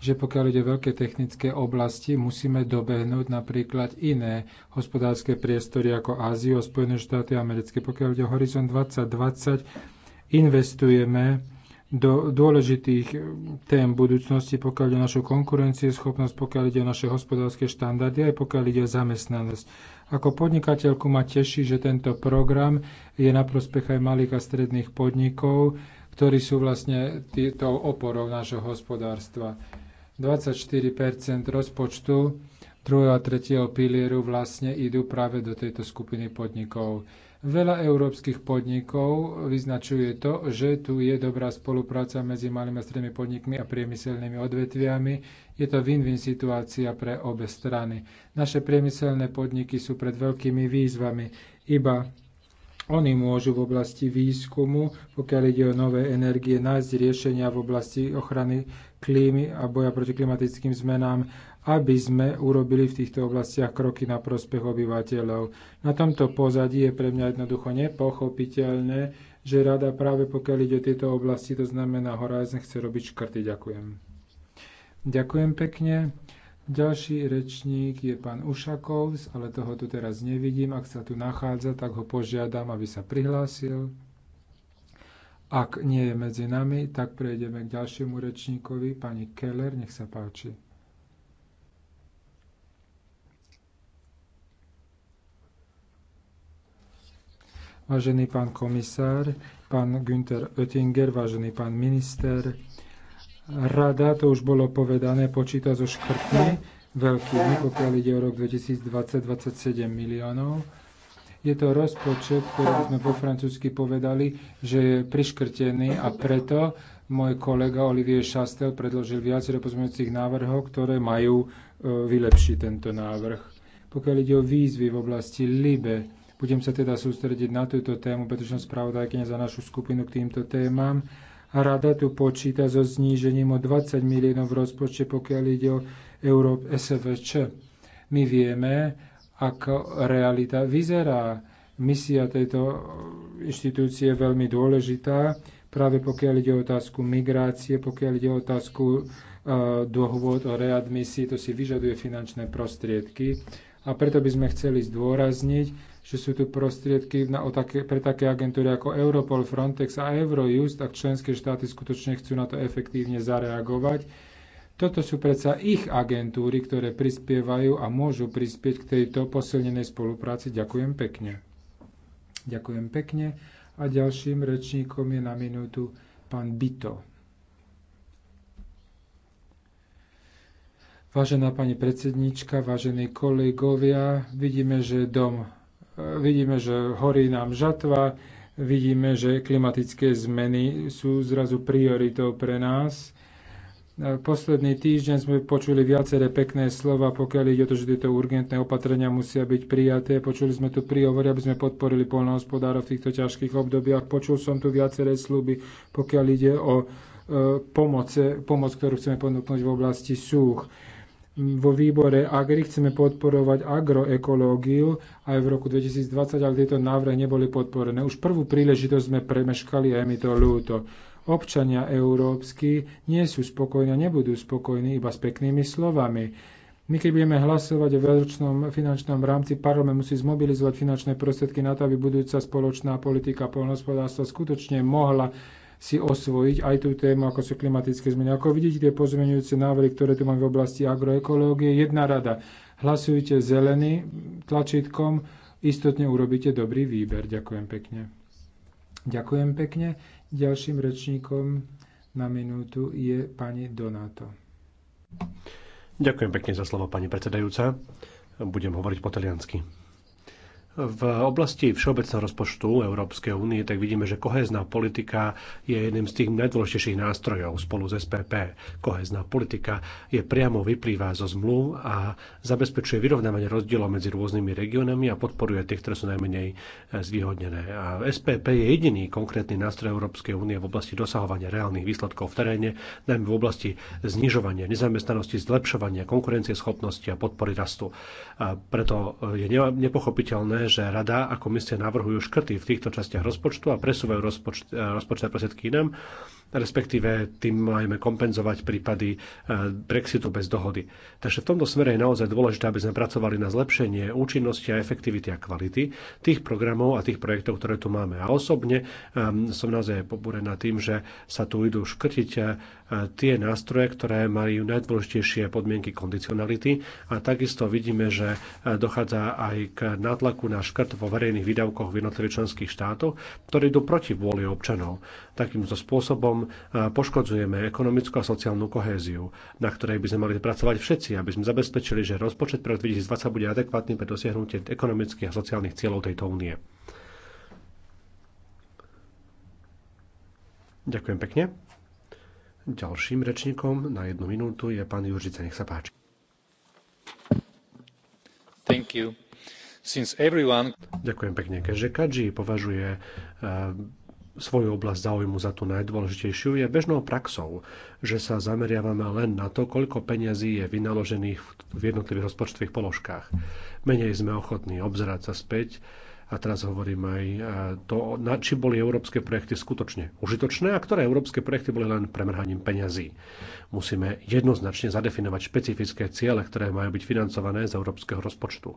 že pokiaľ ide veľké technické oblasti, musíme dobehnúť napríklad iné hospodárske priestory ako Áziu a Spojené štáty americké. Pokiaľ ide o Horizon 2020, investujeme do dôležitých eh, tém budúcnosti, pokiaľ ide o našu konkurencieschopnosť, pokiaľ ide o naše hospodárske štandardy, aj pokiaľ ide o zamestnanosť. Ako podnikateľku ma teší, že tento program je na prospech aj malých a stredných podnikov, ktorí sú vlastne tou oporou nášho hospodárstva. 24 rozpočtu druhého a tretieho pilieru vlastne idú práve do tejto skupiny podnikov. Veľa európskych podnikov vyznačuje to, že tu je dobrá spolupráca medzi malými a strednými podnikmi a priemyselnými odvetviami. Je to win-win situácia pre obe strany. Naše priemyselné podniky sú pred veľkými výzvami. Iba oni môžu v oblasti výskumu, pokiaľ ide o nové energie, nájsť riešenia v oblasti ochrany klímy a boja proti klimatickým zmenám, aby sme urobili v týchto oblastiach kroky na prospech obyvateľov. Na tomto pozadí je pre mňa jednoducho nepochopiteľné, že rada práve pokiaľ ide o tieto oblasti, to znamená Horizon chce robiť škrty. Ďakujem. Ďakujem pekne. Ďalší rečník je pán Ušakov, ale toho tu teraz nevidím. Ak sa tu nachádza, tak ho požiadam, aby sa prihlásil. Ak nie je medzi nami, tak prejdeme k ďalšiemu rečníkovi, pani Keller, nech sa páči. Vážený pán komisár, pán Günther Oettinger, vážený pán minister, Rada, to už bolo povedané, počíta so škrtmi veľkými, pokiaľ ide o rok 2020 27 miliónov. Je to rozpočet, ktorý sme po francúzsky povedali, že je priškrtený a preto môj kolega Olivier Chastel predložil viacero pozmeňujúcich návrhov, ktoré majú e, vylepšiť tento návrh. Pokiaľ ide o výzvy v oblasti LIBE, budem sa teda sústrediť na túto tému, pretože som spravodajkynia za našu skupinu k týmto témam Rada tu počíta so znížením o 20 miliónov v rozpočte, pokiaľ ide o Európ SVČ. My vieme, ako realita vyzerá. Misia tejto inštitúcie je veľmi dôležitá, práve pokiaľ ide o otázku migrácie, pokiaľ ide o otázku uh, dohôd o readmisii, to si vyžaduje finančné prostriedky. A preto by sme chceli zdôrazniť, že sú tu prostriedky na, o také, pre také agentúry ako Europol, Frontex a Eurojust, ak členské štáty skutočne chcú na to efektívne zareagovať. Toto sú predsa ich agentúry, ktoré prispievajú a môžu prispieť k tejto posilnenej spolupráci. Ďakujem pekne. Ďakujem pekne. A ďalším rečníkom je na minútu pán Bito. Vážená pani predsednička, vážení kolegovia, vidíme, že dom Vidíme, že horí nám žatva, vidíme, že klimatické zmeny sú zrazu prioritou pre nás. Posledný týždeň sme počuli viaceré pekné slova, pokiaľ ide o to, že tieto urgentné opatrenia musia byť prijaté. Počuli sme tu príhovory, aby sme podporili polnohospodárov v týchto ťažkých obdobiach. Počul som tu viaceré sluby, pokiaľ ide o e, pomoc, pomoc ktorú chceme ponúknuť v oblasti súch vo výbore Agri chceme podporovať agroekológiu aj v roku 2020, ale tieto návrhy neboli podporené. Už prvú príležitosť sme premeškali a je mi to ľúto. Občania európsky nie sú spokojní a nebudú spokojní iba s peknými slovami. My keď budeme hlasovať o veľročnom finančnom rámci, parlament musí zmobilizovať finančné prostriedky na to, aby budúca spoločná politika poľnohospodárstva skutočne mohla si osvojiť aj tú tému, ako sú klimatické zmeny. Ako vidíte, tie pozmeňujúce návrhy, ktoré tu máme v oblasti agroekológie, jedna rada. Hlasujte zelený tlačítkom, istotne urobíte dobrý výber. Ďakujem pekne. Ďakujem pekne. Ďalším rečníkom na minútu je pani Donato. Ďakujem pekne za slovo, pani predsedajúca. Budem hovoriť po taliansky. V oblasti všeobecného rozpočtu Európskej únie tak vidíme, že kohezná politika je jedným z tých najdôležitejších nástrojov spolu s SPP. Kohezná politika je priamo vyplýva zo zmluv a zabezpečuje vyrovnávanie rozdielov medzi rôznymi regiónami a podporuje tých, ktoré sú najmenej eh, zvýhodnené. A SPP je jediný konkrétny nástroj Európskej únie v oblasti dosahovania reálnych výsledkov v teréne, najmä v oblasti znižovania nezamestnanosti, zlepšovania konkurencieschopnosti a podpory rastu. A preto eh, je nepochopiteľné, že Rada a komisia navrhujú škrty v týchto častiach rozpočtu a presúvajú eh, rozpočet, rozpočet prostriedky inám, respektíve tým majme kompenzovať prípady e, Brexitu bez dohody. Takže v tomto smere je naozaj dôležité, aby sme pracovali na zlepšenie účinnosti a efektivity a kvality tých programov a tých projektov, ktoré tu máme. A osobne e, som naozaj pobúrená tým, že sa tu idú škrtiť e, tie nástroje, ktoré majú najdôležitejšie podmienky kondicionality a takisto vidíme, že dochádza aj k nátlaku na škrt vo verejných výdavkoch v jednotlivých členských štátoch, ktoré idú proti vôli občanov. Takýmto spôsobom e, poškodzujeme ekonomickú a sociálnu kohéziu, na ktorej by sme mali pracovať všetci, aby sme zabezpečili, že rozpočet pre 2020 bude adekvátny pre dosiahnutie ekonomických a sociálnych cieľov tejto únie. Ďakujem pekne. Ďalším rečníkom na jednu minútu je pán Juržica, nech sa páči. Thank you. Since everyone... Ďakujem pekne. Keďže Kadži považuje e, svoju oblasť záujmu za tú najdôležitejšiu, je bežnou praxou, že sa zameriavame len na to, koľko peňazí je vynaložených v jednotlivých rozpočtových položkách. Menej sme ochotní obzerať sa späť, a teraz hovorím aj e, to, na, či boli európske projekty skutočne užitočné a ktoré európske projekty boli len premrhaním peňazí. Musíme jednoznačne zadefinovať špecifické ciele, ktoré majú byť financované z európskeho rozpočtu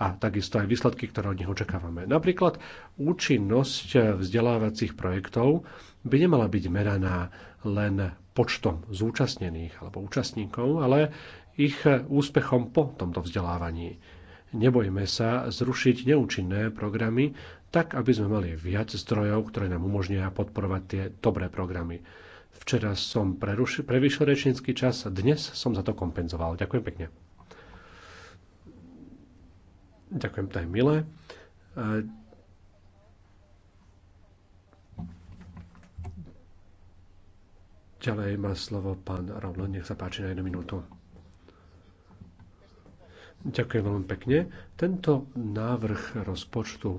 a takisto aj výsledky, ktoré od nich očakávame. Napríklad účinnosť vzdelávacích projektov by nemala byť meraná len počtom zúčastnených alebo účastníkov, ale ich úspechom po tomto vzdelávaní. Nebojme sa zrušiť neúčinné programy, tak aby sme mali viac zdrojov, ktoré nám umožnia podporovať tie dobré programy. Včera som prevyšil rečnícky čas, dnes som za to kompenzoval. Ďakujem pekne. Ďakujem, to je milé. E, ďalej má slovo pán Rovno, nech sa páči na jednu minútu. Ďakujem veľmi pekne. Tento návrh rozpočtu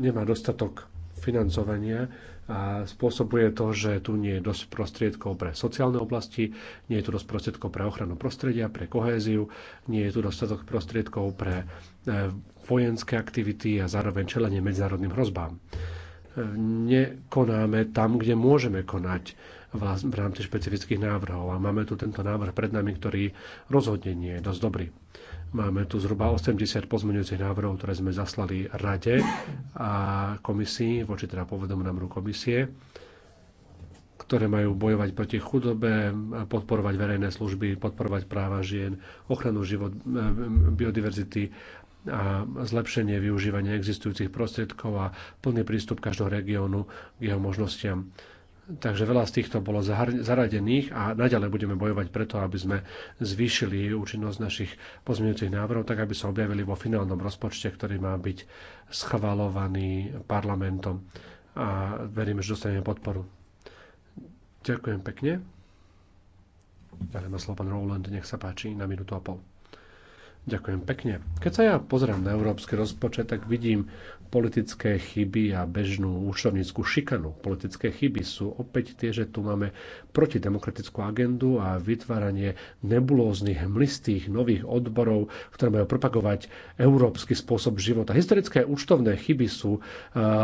nemá dostatok financovania a spôsobuje to, že tu nie je dosť prostriedkov pre sociálne oblasti, nie je tu dosť prostriedkov pre ochranu prostredia, pre kohéziu, nie je tu dostatok prostriedkov pre e, vojenské aktivity a zároveň čelenie medzinárodným hrozbám. E, nekonáme tam, kde môžeme konať v rámci špecifických návrhov. A máme tu tento návrh pred nami, ktorý rozhodne nie je dosť dobrý. Máme tu zhruba 80 pozmeňujúcich návrhov, ktoré sme zaslali rade a komisii, voči teda povedomu námru komisie ktoré majú bojovať proti chudobe, podporovať verejné služby, podporovať práva žien, ochranu život, eh, biodiverzity a zlepšenie využívania existujúcich prostriedkov a plný prístup každého regiónu k jeho možnostiam. Takže veľa z týchto bolo zaradených a naďalej budeme bojovať preto, aby sme zvýšili účinnosť našich pozmeňujúcich návrhov, tak aby sa objavili vo finálnom rozpočte, ktorý má byť schvalovaný parlamentom. A verím, že dostaneme podporu. Ďakujem pekne. Ďalej má slovo pán Rowland, nech sa páči na minútu a pol. Ďakujem pekne. Keď sa ja pozriem na európsky rozpočet, tak vidím politické chyby a bežnú účtovníckú šikanu. Politické chyby sú opäť tie, že tu máme protidemokratickú agendu a vytváranie nebulóznych, mlistých nových odborov, ktoré majú propagovať európsky spôsob života. Historické účtovné chyby sú e,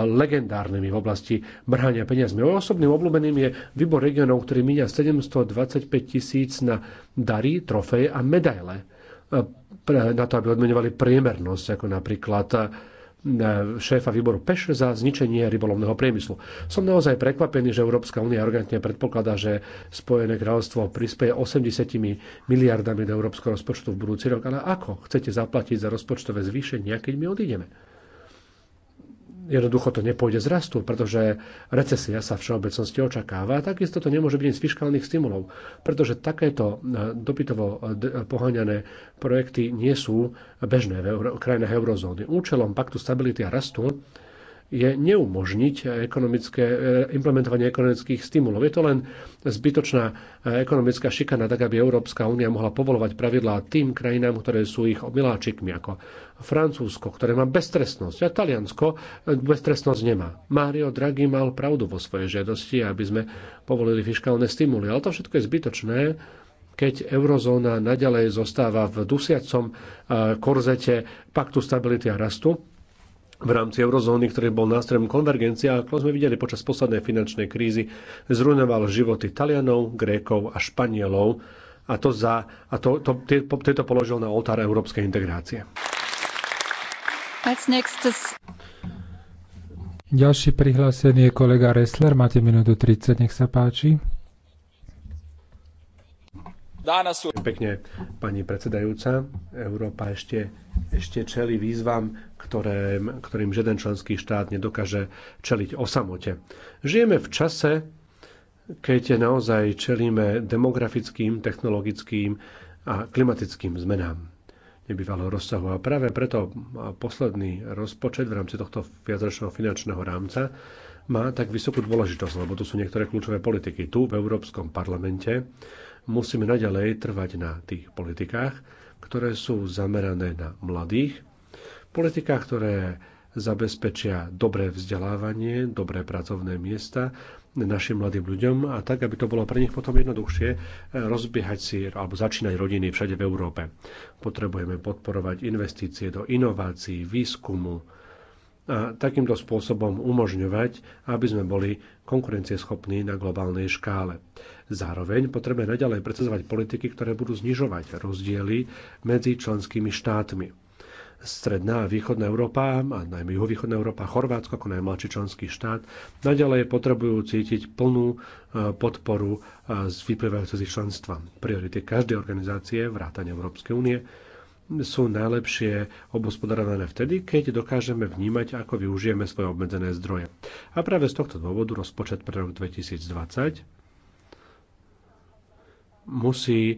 legendárnymi v oblasti mrhania peniazmi. Mojou osobným obľúbeným je výbor regionov, ktorý míňa 725 tisíc na dary, trofeje a medaile e, pre, na to, aby odmenovali priemernosť, ako napríklad e, šéfa výboru Peš za zničenie rybolovného priemyslu. Som naozaj prekvapený, že Európska únia arrogantne predpokladá, že Spojené kráľovstvo prispieje 80 miliardami do európskeho rozpočtu v budúci rok. Ale ako chcete zaplatiť za rozpočtové zvýšenia, keď my odídeme? jednoducho to nepôjde z rastu, pretože recesia sa všeobecnosti očakáva a takisto to nemôže byť z fiskálnych stimulov, pretože takéto e, dopytovo e, e, poháňané projekty nie sú bežné v krajinách eurozóny. Účelom paktu stability a rastu je neumožniť ekonomické, implementovanie ekonomických stimulov. Je to len zbytočná e, ekonomická šikana, tak aby Európska únia mohla povolovať pravidlá tým krajinám, ktoré sú ich miláčikmi, ako Francúzsko, ktoré má beztrestnosť, a Taliansko e, beztrestnosť nemá. Mario Draghi mal pravdu vo svojej žiadosti, aby sme povolili fiskálne stimuly, ale to všetko je zbytočné, keď eurozóna naďalej zostáva v dusiacom e, korzete paktu stability a rastu v rámci eurozóny, ktorý bol nástrojom konvergencia, ako sme videli počas poslednej finančnej krízy, zrujnoval životy Talianov, Grékov a Španielov a to, za, a to, to, tieto položil na oltár európskej integrácie. Ďalší prihlásený je kolega Ressler, máte minútu 30, nech sa páči. Pekne, pani predsedajúca. Európa ešte, ešte čeli výzvam, ktorým, ktorým žiaden členský štát nedokáže čeliť o samote. Žijeme v čase, keď naozaj čelíme demografickým, technologickým a klimatickým zmenám nebývalého rozsahu. A práve preto posledný rozpočet v rámci tohto viacročného finančného rámca má tak vysokú dôležitosť, lebo tu sú niektoré kľúčové politiky. Tu v Európskom parlamente musíme naďalej trvať na tých politikách, ktoré sú zamerané na mladých, politikách, ktoré zabezpečia dobré vzdelávanie, dobré pracovné miesta našim mladým ľuďom a tak, aby to bolo pre nich potom jednoduchšie eh, rozbiehať si alebo začínať rodiny všade v Európe. Potrebujeme podporovať investície do inovácií, výskumu, a takýmto spôsobom umožňovať, aby sme boli konkurencieschopní na globálnej škále. Zároveň potrebujeme naďalej precizovať politiky, ktoré budú znižovať rozdiely medzi členskými štátmi. Stredná a východná Európa, a najmä juhovýchodná Európa, Chorvátsko ako najmladší členský štát, naďalej potrebujú cítiť plnú e, podporu e, z vyplývajúceho členstva. Priority každej organizácie, vrátane Európskej únie, sú najlepšie obhospodarované vtedy, keď dokážeme vnímať, ako využijeme svoje obmedzené zdroje. A práve z tohto dôvodu rozpočet pre rok 2020 musí e,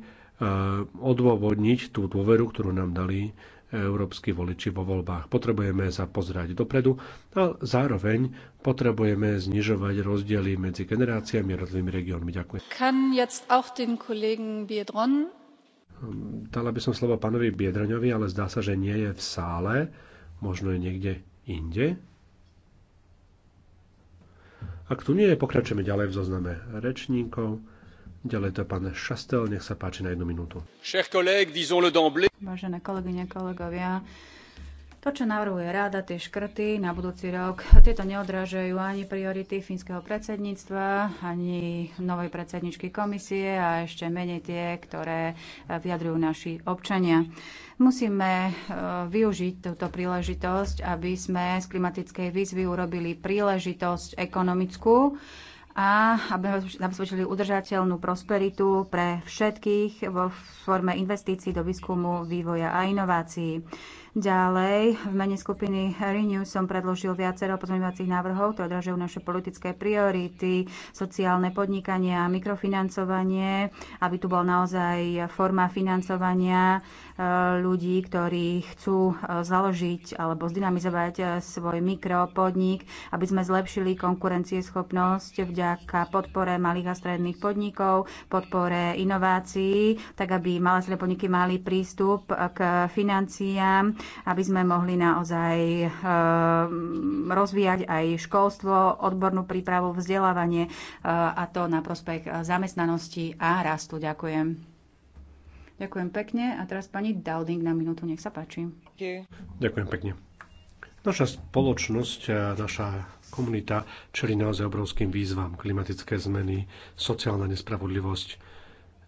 odôvodniť tú dôveru, ktorú nám dali e, európsky voliči vo voľbách. Potrebujeme sa pozerať dopredu a zároveň potrebujeme znižovať rozdiely medzi generáciami a jednotlivými regiónmi. Ďakujem. Kann jetzt auch den Kollegen Biedron Dala by som slovo pánovi Biedraňovi, ale zdá sa, že nie je v sále. Možno je niekde inde. Ak tu nie je, pokračujeme ďalej v zozname rečníkov. Ďalej to pán Šastel, nech sa páči na jednu minútu. Vážené kolegyne, kolegovia, to, čo navrhuje rada, tie škrty na budúci rok, tieto neodrážajú ani priority fínskeho predsedníctva, ani novej predsedničky komisie a ešte menej tie, ktoré e, vyjadrujú naši občania. Musíme e, využiť túto príležitosť, aby sme z klimatickej výzvy urobili príležitosť ekonomickú, a aby zabezpečili udržateľnú prosperitu pre všetkých vo forme investícií do výskumu, vývoja a inovácií. Ďalej, v mene skupiny Renew som predložil viacero pozmeňovacích návrhov, ktoré odražujú naše politické priority, sociálne podnikanie a mikrofinancovanie, aby tu bol naozaj forma financovania, ľudí, ktorí chcú e, založiť alebo zdynamizovať e, svoj mikropodnik, aby sme zlepšili konkurencieschopnosť vďaka podpore malých a stredných podnikov, podpore inovácií, tak aby malé stredné podniky mali prístup k financiám, aby sme mohli naozaj e, rozvíjať aj školstvo, odbornú prípravu, vzdelávanie a to na prospech zamestnanosti a rastu. Ďakujem. Ďakujem pekne a teraz pani Dowding na minútu, nech sa páči. Ďakujem pekne. Naša spoločnosť, naša komunita čelí naozaj obrovským výzvam. Klimatické zmeny, sociálna nespravodlivosť,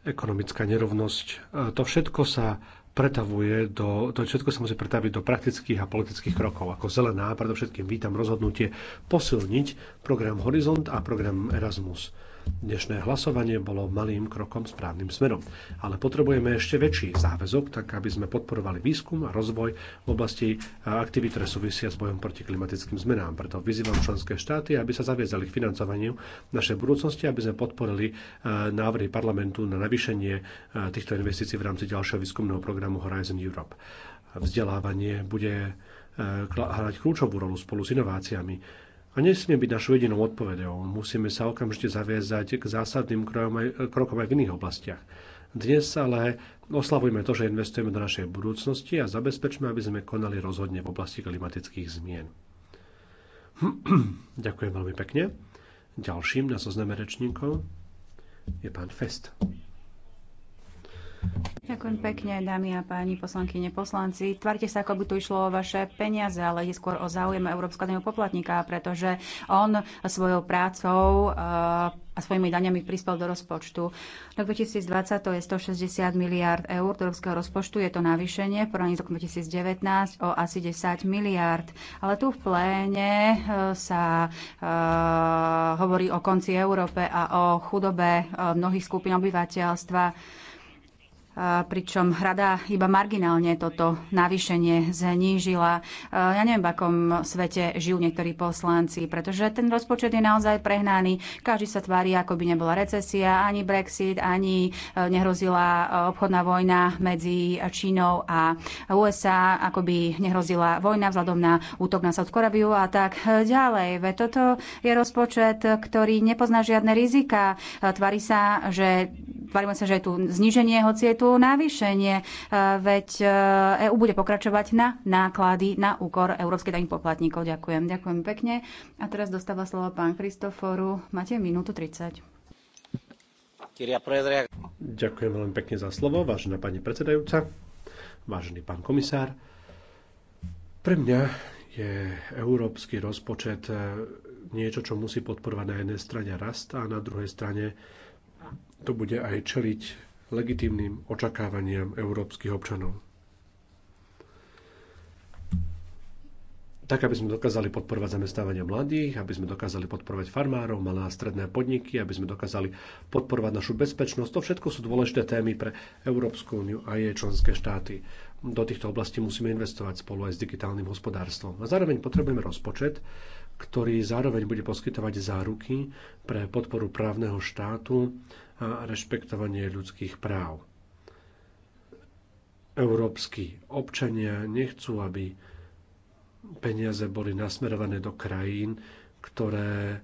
ekonomická nerovnosť. To všetko sa pretavuje do, to všetko sa musí pretaviť do praktických a politických krokov. Ako zelená, predovšetkým vítam rozhodnutie posilniť program Horizont a program Erasmus Dnešné hlasovanie bolo malým krokom správnym smerom, ale potrebujeme ešte väčší záväzok, tak aby sme podporovali výskum a rozvoj v oblasti e, aktivít, ktoré súvisia s bojom proti klimatickým zmenám. Preto vyzývam členské štáty, aby sa zaviazali k financovaniu našej budúcnosti, aby sme podporili e, návrhy parlamentu na navýšenie e, týchto investícií v rámci ďalšieho výskumného programu Horizon Europe. Vzdelávanie bude hrať kľúčovú rolu spolu s inováciami a nesmie byť našou jedinou odpovedou. Musíme sa okamžite zaviazať k zásadným krokom aj v iných oblastiach. Dnes ale oslavujme to, že investujeme do našej budúcnosti a zabezpečme, aby sme konali rozhodne v oblasti klimatických zmien. Ďakujem veľmi pekne. Ďalším na zozname rečníkov je pán Fest. Ďakujem pekne, dámy a páni poslankyne, poslanci. Tvárte sa, ako by tu išlo o vaše peniaze, ale je skôr o záujem európskeho poplatníka, pretože on svojou prácou eh, a svojimi daňami prispel do rozpočtu. Rok 2020 to je 160 miliárd eur do európskeho rozpočtu, je to navýšenie v porovnaní s rokom 2019 o asi 10 miliárd. Ale tu v pléne eh, sa uh, hovorí o konci Európe a o chudobe mnohých skupín obyvateľstva pričom rada iba marginálne toto navýšenie znížila. Ja neviem, v akom svete žijú niektorí poslanci, pretože ten rozpočet je naozaj prehnaný. Každý sa tvári, ako by nebola recesia, ani Brexit, ani e, nehrozila e, obchodná vojna medzi Čínou a USA, ako by nehrozila vojna vzhľadom na útok na South Arábiu a tak ďalej. Ve toto je rozpočet, ktorý nepozná žiadne rizika. E, tvári sa, že varíme sa, že je tu zníženie, hoci je tu navýšenie, e, veď EU e bude pokračovať na náklady na úkor európskej daní poplatníkov. Ďakujem. Ďakujem pekne. A teraz dostáva slovo pán Kristoforu. Máte minútu 30. Ďakujem veľmi pekne za slovo, vážená pani predsedajúca, vážený pán komisár. Pre mňa je európsky rozpočet e, niečo, čo musí podporovať na jednej strane rast a na druhej strane to bude aj čeliť legitímnym očakávaniam európskych občanov. tak, aby sme dokázali podporovať zamestnávanie mladých, aby sme dokázali podporovať farmárov, malé a stredné podniky, aby sme dokázali podporovať našu bezpečnosť. To všetko sú dôležité témy pre Európsku úniu a jej členské štáty. Do týchto oblastí musíme investovať spolu aj s digitálnym hospodárstvom. A zároveň potrebujeme rozpočet, ktorý zároveň bude poskytovať záruky pre podporu právneho štátu a rešpektovanie ľudských práv. Európsky občania nechcú, aby peniaze boli nasmerované do krajín, ktoré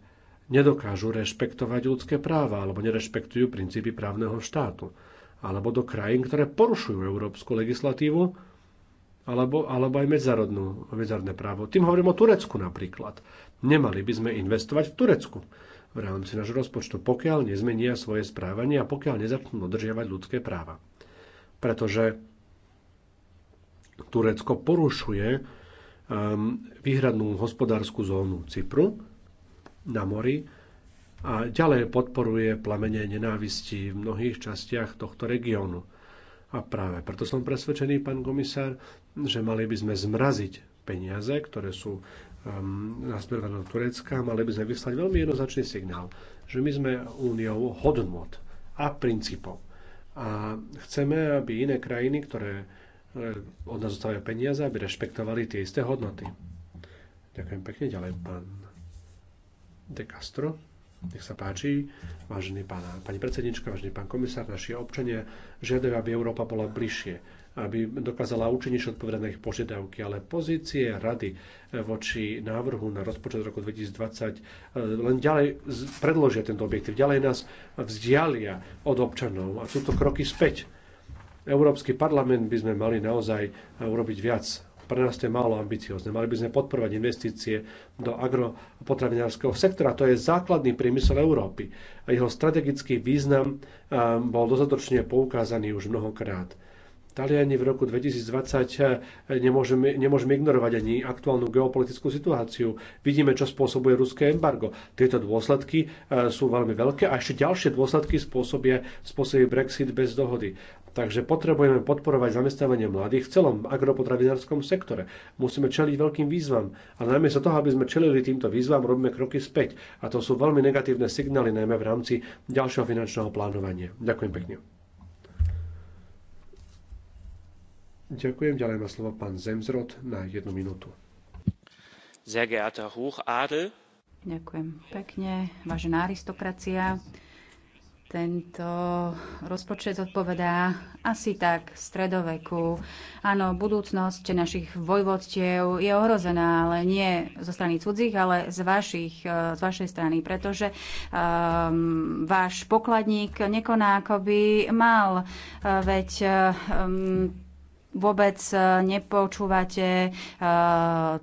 nedokážu rešpektovať ľudské práva alebo nerešpektujú princípy právneho štátu, alebo do krajín, ktoré porušujú európsku legislatívu alebo, alebo aj medzárodné právo. Tým hovorím o Turecku napríklad. Nemali by sme investovať v Turecku v rámci nášho rozpočtu, pokiaľ nezmenia svoje správanie a pokiaľ nezačnú dodržiavať ľudské práva. Pretože Turecko porušuje um, výhradnú hospodárskú zónu Cypru na mori a ďalej podporuje plamenie nenávisti v mnohých častiach tohto regiónu. A práve preto som presvedčený, pán komisár, že mali by sme zmraziť peniaze, ktoré sú um, nasmerované do Turecka, mali by sme vyslať veľmi jednoznačný signál, že my sme úniou hodnot a princípov. A chceme, aby iné krajiny, ktoré eh, od nás dostávajú peniaze, aby rešpektovali tie isté hodnoty. Ďakujem pekne. Ďalej pán De Castro. Nech sa páči, vážený pána, pani predsednička, vážený pán komisár, naši občania žiadajú, aby Európa bola bližšie aby dokázala účinnejšie odpovedať na ich požiadavky, ale pozície rady eh, voči návrhu na rozpočet roku 2020 eh, len ďalej predložia tento objektív, ďalej nás vzdialia od občanov a sú to kroky späť. Európsky parlament by sme mali naozaj eh, urobiť viac. Pre nás to je málo ambiciozne. Mali by sme podporovať investície do agropotravinárskeho sektora. To je základný priemysel Európy. A jeho strategický význam bol dostatočne poukázaný už mnohokrát. Taliani v roku 2020 eh, nemôžeme, nemôžeme ignorovať ani aktuálnu geopolitickú situáciu. Vidíme, čo spôsobuje ruské embargo. Tieto dôsledky eh, sú veľmi veľké a ešte ďalšie dôsledky spôsobia, spôsobia Brexit bez dohody. Takže potrebujeme podporovať zamestnávanie mladých v celom agropotravinárskom sektore. Musíme čeliť veľkým výzvam. A najmä sa toho, aby sme čelili týmto výzvam, robíme kroky späť. A to sú veľmi negatívne signály, najmä v rámci ďalšieho finančného plánovania. Ďakujem pekne. Ďakujem. Ďalej má slovo pán Zemzrod na jednu minútu. Sehr geehrter Hochadel. Ďakujem pekne, vážená aristokracia. Tento rozpočet odpovedá asi tak stredoveku. Áno, budúcnosť našich vojvodstiev je ohrozená, ale nie zo strany cudzích, ale z, vašich, eh, z vašej strany, pretože um, váš pokladník nekoná, ako by mal. Eh, veď um, vôbec e, nepočúvate e,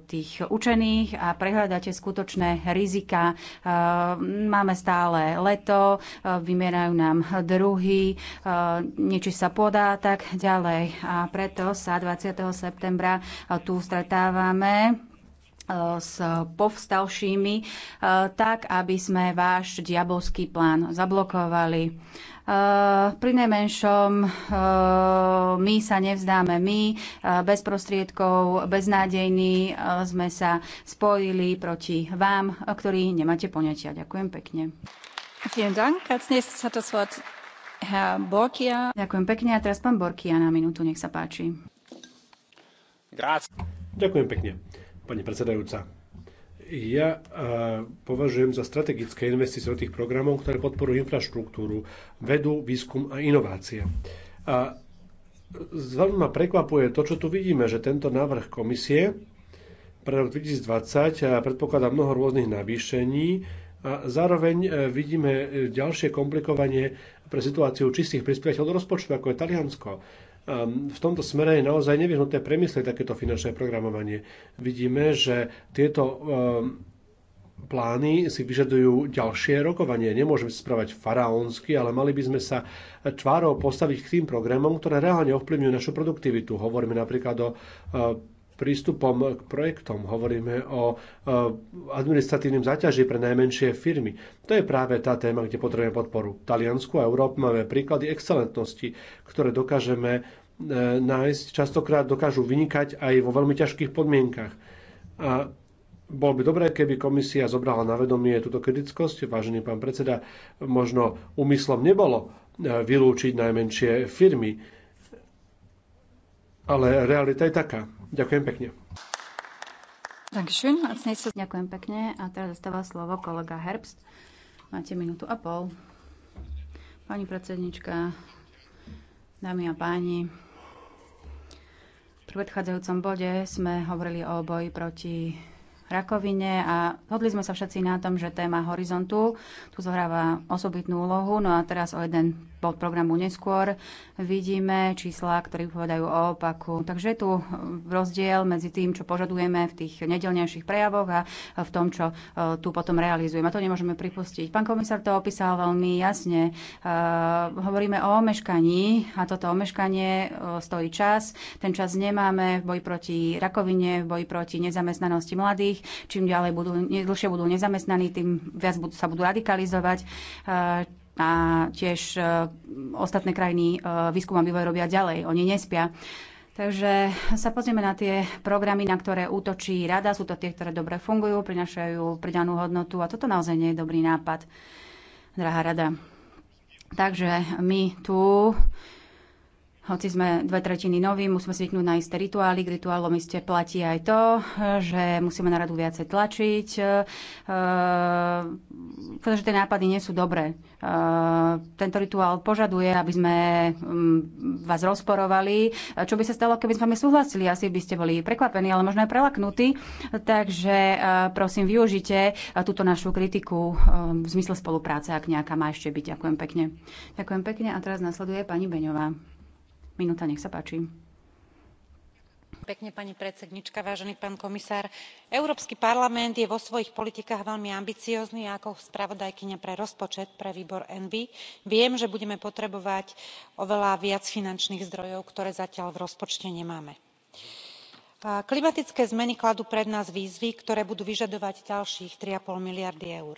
tých učených a prehľadáte skutočné rizika. E, máme stále leto, vymerajú nám druhy, niečo sa podá, tak ďalej. A preto sa 20. septembra tu stretávame s povstalšími, tak aby sme váš diabolský plán zablokovali. Eh, pri najmenšom eh, my sa nevzdáme. My eh, bez prostriedkov, beznádejní sme sa spojili proti vám, ktorí nemáte poňatia. Ďakujem pekne. Ďakujem pekne. A teraz pán Borkia na minútu, nech sa páči. Grazie. Ďakujem pekne, pani predsedajúca ja e, považujem za strategické investície do tých programov, ktoré podporujú infraštruktúru, vedu, výskum a inovácie. A veľmi ma prekvapuje to, čo tu vidíme, že tento návrh komisie pre rok 2020 e, predpokladá mnoho rôznych navýšení a zároveň e, vidíme ďalšie komplikovanie pre situáciu čistých prispievateľov do rozpočtu, ako je Taliansko v tomto smere je naozaj nevyhnuté premyslieť takéto finančné programovanie. Vidíme, že tieto ehm, plány si vyžadujú ďalšie rokovanie. Nemôžeme sa správať faraónsky, ale mali by sme sa tvárou postaviť k tým programom, ktoré reálne ovplyvňujú našu produktivitu. Hovoríme napríklad o ehm, prístupom k projektom, hovoríme o administratívnym zaťaži pre najmenšie firmy. To je práve tá téma, kde potrebujeme podporu. V Taliansku a Európe máme príklady excelentnosti, ktoré dokážeme e, nájsť. Častokrát dokážu vynikať aj vo veľmi ťažkých podmienkach. A bol by dobré, keby komisia zobrala na vedomie túto kritickosť. Vážený pán predseda, možno úmyslom nebolo e, vylúčiť najmenšie firmy, ale realita je taká. Ďakujem pekne. Ďakujem pekne. A teraz dostáva slovo kolega Herbst. Máte minútu a pol. Pani predsednička, dámy a páni, v predchádzajúcom bode sme hovorili o boji proti rakovine a hodli sme sa všetci na tom, že téma horizontu tu zohráva osobitnú úlohu. No a teraz o jeden bod programu neskôr, vidíme čísla, ktoré povedajú o opaku. Takže je tu rozdiel medzi tým, čo požadujeme v tých nedelnejších prejavoch a v tom, čo e, tu potom realizujeme. A to nemôžeme pripustiť. Pán komisár to opísal veľmi jasne. E, hovoríme o omeškaní a toto omeškanie e, stojí čas. Ten čas nemáme v boji proti rakovine, v boji proti nezamestnanosti mladých. Čím ďalej budú, dlhšie budú nezamestnaní, tým viac budú, sa budú radikalizovať a tiež e, ostatné krajiny e, výskum a vývoj robia ďalej. Oni nespia. Takže sa pozrieme na tie programy, na ktoré útočí rada. Sú to tie, ktoré dobre fungujú, prinašajú pridanú hodnotu a toto naozaj nie je dobrý nápad, drahá rada. Takže my tu hoci sme dve tretiny noví, musíme zvyknúť na isté rituály. K rituálom iste platí aj to, že musíme na radu viacej tlačiť, e, pretože tie nápady nie sú dobré. E, tento rituál požaduje, aby sme m, mm, vás rozporovali. Eh, čo by sa stalo, keby sme súhlasili? Asi by ste boli prekvapení, ale možno aj prelaknutí. Takže e, prosím, využite túto našu kritiku e, v zmysle spolupráce, ak nejaká má ešte byť. Ďakujem pekne. Ďakujem pekne a teraz nasleduje pani Beňová. Minúta, nech sa páči pekne pani predsednička, vážený pán komisár európsky parlament je vo svojich politikách veľmi ambiciózny ako spravodajkyňa pre rozpočet pre výbor envi viem že budeme potrebovať oveľa viac finančných zdrojov ktoré zatiaľ v rozpočte nemáme. klimatické zmeny kladú pred nás výzvy ktoré budú vyžadovať ďalších three five miliardy eur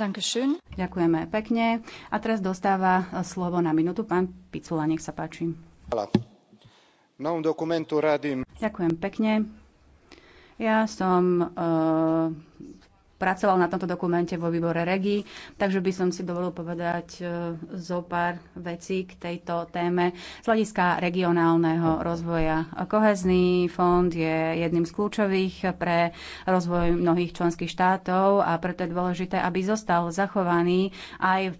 Ďakujeme pekne. A teraz dostáva e, slovo na minútu pán Picula, nech sa páči. Ďakujem pekne. Ja som uh, pracoval na tomto dokumente vo výbore REGI, takže by som si dovolil povedať e, zo pár vecí k tejto téme z hľadiska regionálneho rozvoja. Kohezný fond je jedným z kľúčových pre rozvoj mnohých členských štátov a preto je dôležité, aby zostal zachovaný aj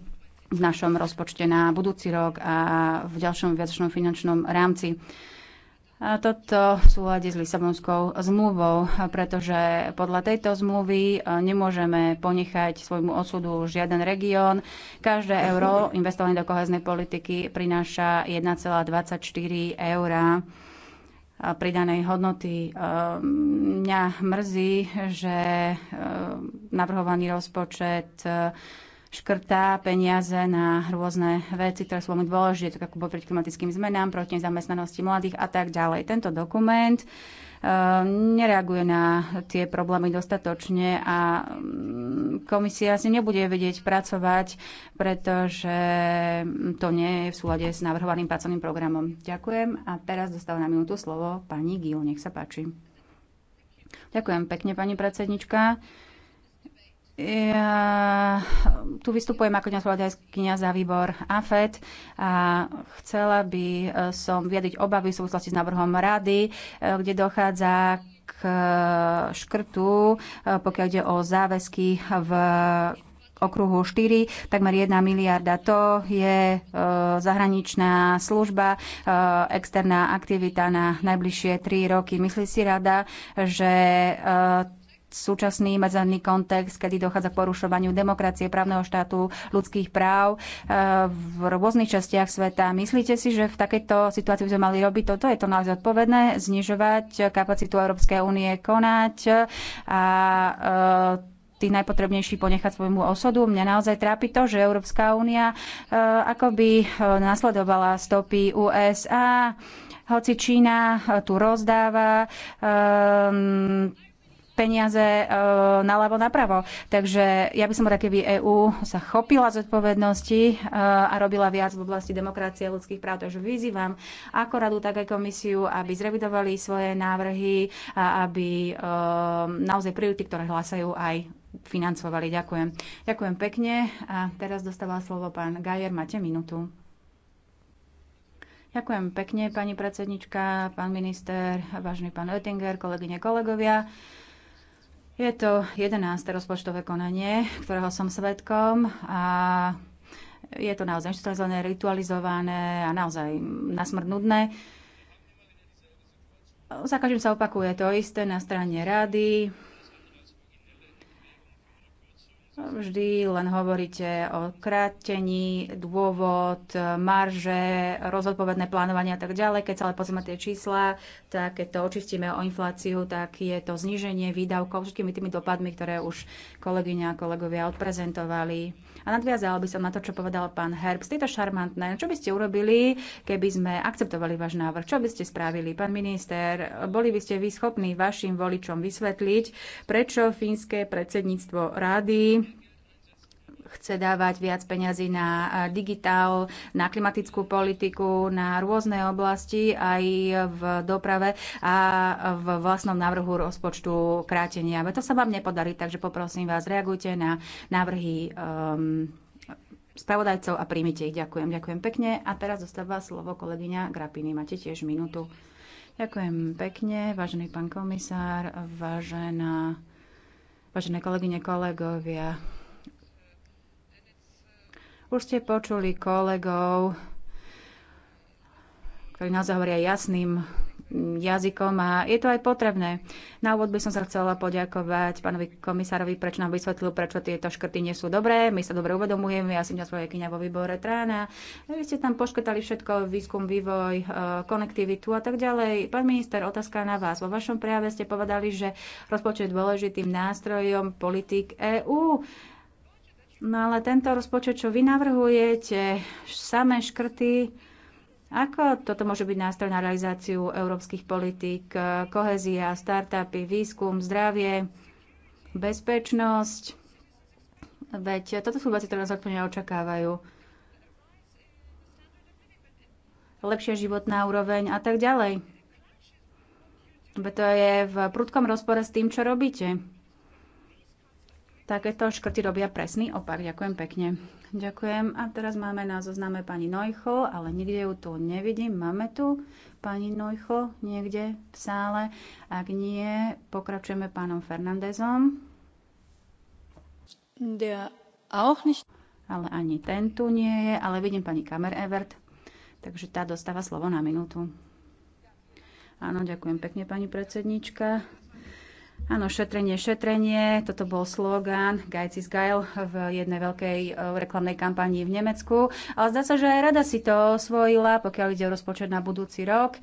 v našom rozpočte na budúci rok a v ďalšom viacšom finančnom rámci. Toto v súhľade s Lisabonskou zmluvou, pretože podľa tejto zmluvy e, nemôžeme ponechať svojmu osudu žiaden región. Každé euro investované do koheznej politiky prináša 1,24 eur e, pridanej hodnoty. E, mňa mrzí, že navrhovaný rozpočet škrtá peniaze na rôzne veci, ktoré sú veľmi dôležité, tak ako boj proti klimatickým zmenám, proti nezamestnanosti mladých a tak ďalej. Tento dokument e, nereaguje na tie problémy dostatočne a mm, komisia si nebude vedieť pracovať, pretože to nie je v súlade s navrhovaným pracovným programom. Ďakujem a teraz dostáva na minútu slovo pani Gil. Nech sa páči. Ďakujem pekne, pani predsednička. Ja tu vystupujem ako nespravodajskynia za výbor AFED a chcela by e, som vyjadriť obavy v súvislosti s návrhom rady, e, kde dochádza k e, škrtu, pokiaľ ide o záväzky v okruhu 4, takmer 1 miliarda. To je e, zahraničná služba, e, externá aktivita na najbližšie 3 roky. Myslí si rada, že e, súčasný medzinárodný kontext, kedy dochádza k porušovaniu demokracie, právneho štátu, ľudských práv eh, v rôznych častiach sveta. Myslíte si, že v takejto situácii by sme mali robiť toto? Je to naozaj odpovedné? Znižovať kapacitu Európskej únie konať a eh, tí najpotrebnejší ponechať svojmu osudu. Mňa naozaj trápi to, že Európska únia eh, akoby nasledovala stopy USA, hoci Čína tu rozdáva, peniaze e, naľavo napravo. Takže ja by som rada, keby EÚ sa chopila zodpovednosti e, a robila viac v oblasti demokracie a ľudských práv. Takže vyzývam ako radu, tak aj komisiu, aby zrevidovali svoje návrhy a aby e, naozaj priority, ktoré hlásajú, aj financovali. Ďakujem. Ďakujem pekne. A teraz dostáva slovo pán Gajer. Máte minútu. Ďakujem pekne, pani predsednička, pán minister, vážny pán Oettinger, kolegyne, kolegovia. Je to 11. rozpočtové konanie, ktorého som svetkom a je to naozaj inštitucionalizované, ritualizované a naozaj nasmrt nudné. Za každým sa opakuje to isté na strane rady, Vždy len hovoríte o krátení, dôvod, marže, rozodpovedné plánovanie a tak ďalej. Keď sa ale pozrieme tie čísla, tak keď to očistíme o infláciu, tak je to zníženie výdavkov všetkými tými dopadmi, ktoré už kolegyňa a kolegovia odprezentovali a nadviazala by som na to, čo povedal pán Herbst. Je to šarmantné. Čo by ste urobili, keby sme akceptovali váš návrh? Čo by ste spravili, pán minister? Boli by ste vy schopní vašim voličom vysvetliť, prečo fínske predsedníctvo rady chce dávať viac peňazí na digitál, na klimatickú politiku, na rôzne oblasti, aj v doprave a v vlastnom návrhu rozpočtu krátenia. To sa vám nepodarí, takže poprosím vás, reagujte na návrhy um, spravodajcov a príjmite ich. Ďakujem, ďakujem pekne. A teraz zostáva slovo kolegyňa Grapiny. Máte tiež minútu. Ďakujem pekne, vážený pán komisár, vážená, vážené kolegyne, kolegovia. Už ste počuli kolegov, ktorí nás hovoria jasným jazykom a je to aj potrebné. Na úvod by som sa chcela poďakovať pánovi komisárovi, prečo nám vysvetlil, prečo tieto škrty nie sú dobré. My sa dobre uvedomujeme, ja som ťa vo výbore Trána. Vy ste tam poškrtali všetko, výskum, vývoj, e, konektivitu a tak ďalej. Pán minister, otázka na vás. Vo vašom prejave ste povedali, že rozpočet je dôležitým nástrojom politik EÚ. No ale tento rozpočet, čo vy navrhujete, samé škrty, ako toto môže byť nástroj na realizáciu európskych politík, kohezia, startupy, výskum, zdravie, bezpečnosť? Veď toto sú veci, ktoré nás úplne očakávajú lepšia životná úroveň a tak ďalej. Veď to je v prudkom rozpore s tým, čo robíte takéto škrty robia presný opak. Ďakujem pekne. Ďakujem. A teraz máme na zozname pani Nojcho, ale nikde ju tu nevidím. Máme tu pani Nojcho niekde v sále. Ak nie, pokračujeme pánom Fernandezom. auch nicht. Ale ani ten tu nie je, ale vidím pani Kamer Evert. Takže tá dostáva slovo na minútu. Áno, ďakujem pekne, pani predsednička. Áno, šetrenie, šetrenie, toto bol slogán Geiz is Geil v jednej veľkej e, reklamnej kampanii v Nemecku. Ale zdá sa, že aj rada si to osvojila, pokiaľ ide o rozpočet na budúci rok.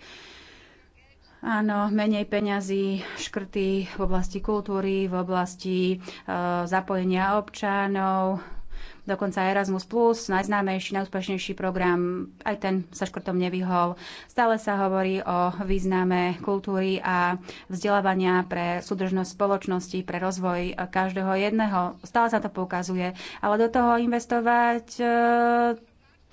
Áno, menej peňazí, škrty v oblasti kultúry, v oblasti e, zapojenia občanov, Dokonca Erasmus+, Plus, najznámejší, najúspešnejší program, aj ten sa škrtom nevyhol. Stále sa hovorí o význame kultúry a vzdelávania pre súdržnosť spoločnosti, pre rozvoj každého jedného. Stále sa to poukazuje. Ale do toho investovať e,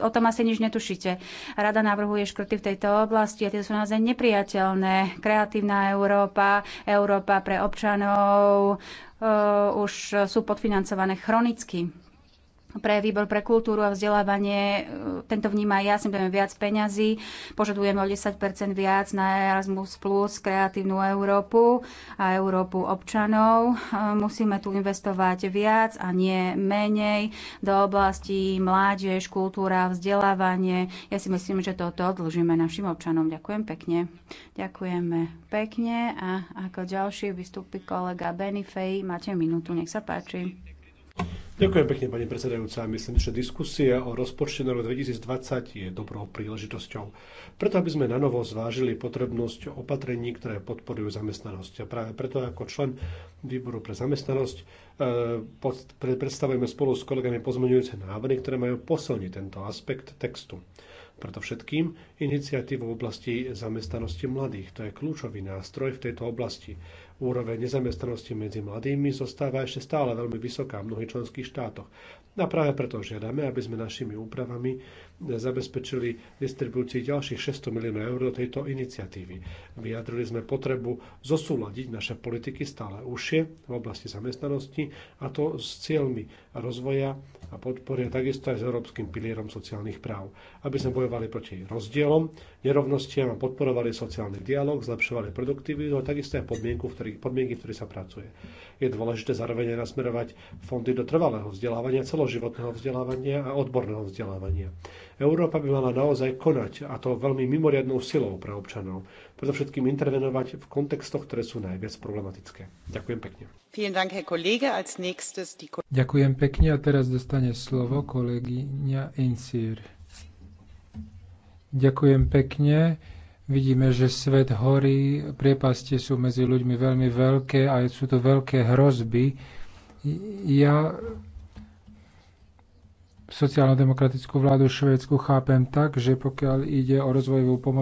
o tom asi nič netušíte. Rada navrhuje škrty v tejto oblasti a tie sú naozaj nepriateľné. Kreatívna Európa, Európa pre občanov uh, už sú podfinancované chronicky pre výbor pre kultúru a vzdelávanie. E, tento vníma ja, sem dajme viac peňazí, požadujeme o 10% viac na Erasmus+, plus, kreatívnu Európu a Európu občanov. E, musíme tu investovať viac a nie menej do oblasti mládež, kultúra, vzdelávanie. Ja si myslím, že toto odložíme našim občanom. Ďakujem pekne. Ďakujeme pekne a ako ďalší vystúpi kolega Benifej. Máte minútu, nech sa páči. Ďakujem pekne, pani predsedajúca. Myslím, že diskusia o rozpočte na rok 2020 je dobrou príležitosťou. Preto, aby sme nanovo zvážili potrebnosť opatrení, ktoré podporujú zamestnanosť. A práve preto ako člen výboru pre zamestnanosť eh, predstavujeme spolu s kolegami pozmeňujúce návrhy, ktoré majú posilniť tento aspekt textu. Preto všetkým iniciatívu v oblasti zamestnanosti mladých. To je kľúčový nástroj v tejto oblasti. Úroveň nezamestnanosti medzi mladými zostáva ešte stále veľmi vysoká v mnohých členských štátoch. A práve preto žiadame, aby sme našimi úpravami zabezpečili distribúcii ďalších 600 miliónov eur do tejto iniciatívy. Vyjadrili sme potrebu zosúľadiť naše politiky stále užšie v oblasti zamestnanosti a to s cieľmi rozvoja a a takisto aj s Európskym pilierom sociálnych práv, aby sme bojovali proti rozdielom, nerovnostiam a podporovali sociálny dialog, zlepšovali produktivitu a takisto aj podmienku, v ktorých, podmienky, v ktorých sa pracuje. Je dôležité zároveň nasmerovať fondy do trvalého vzdelávania, celoživotného vzdelávania a odborného vzdelávania. Európa by mala naozaj konať, a to veľmi mimoriadnou silou pre občanov. Predovšetkým intervenovať v kontextoch, ktoré sú najviac problematické. Ďakujem pekne. Ďakujem pekne a teraz dostane slovo kolegyňa Insir. Ďakujem pekne. Vidíme, že svet horí, priepastie sú medzi ľuďmi veľmi veľké a sú to veľké hrozby. Ja sociálno-demokratickú vládu v Švédsku chápem tak, že pokiaľ ide o rozvojovú pomoc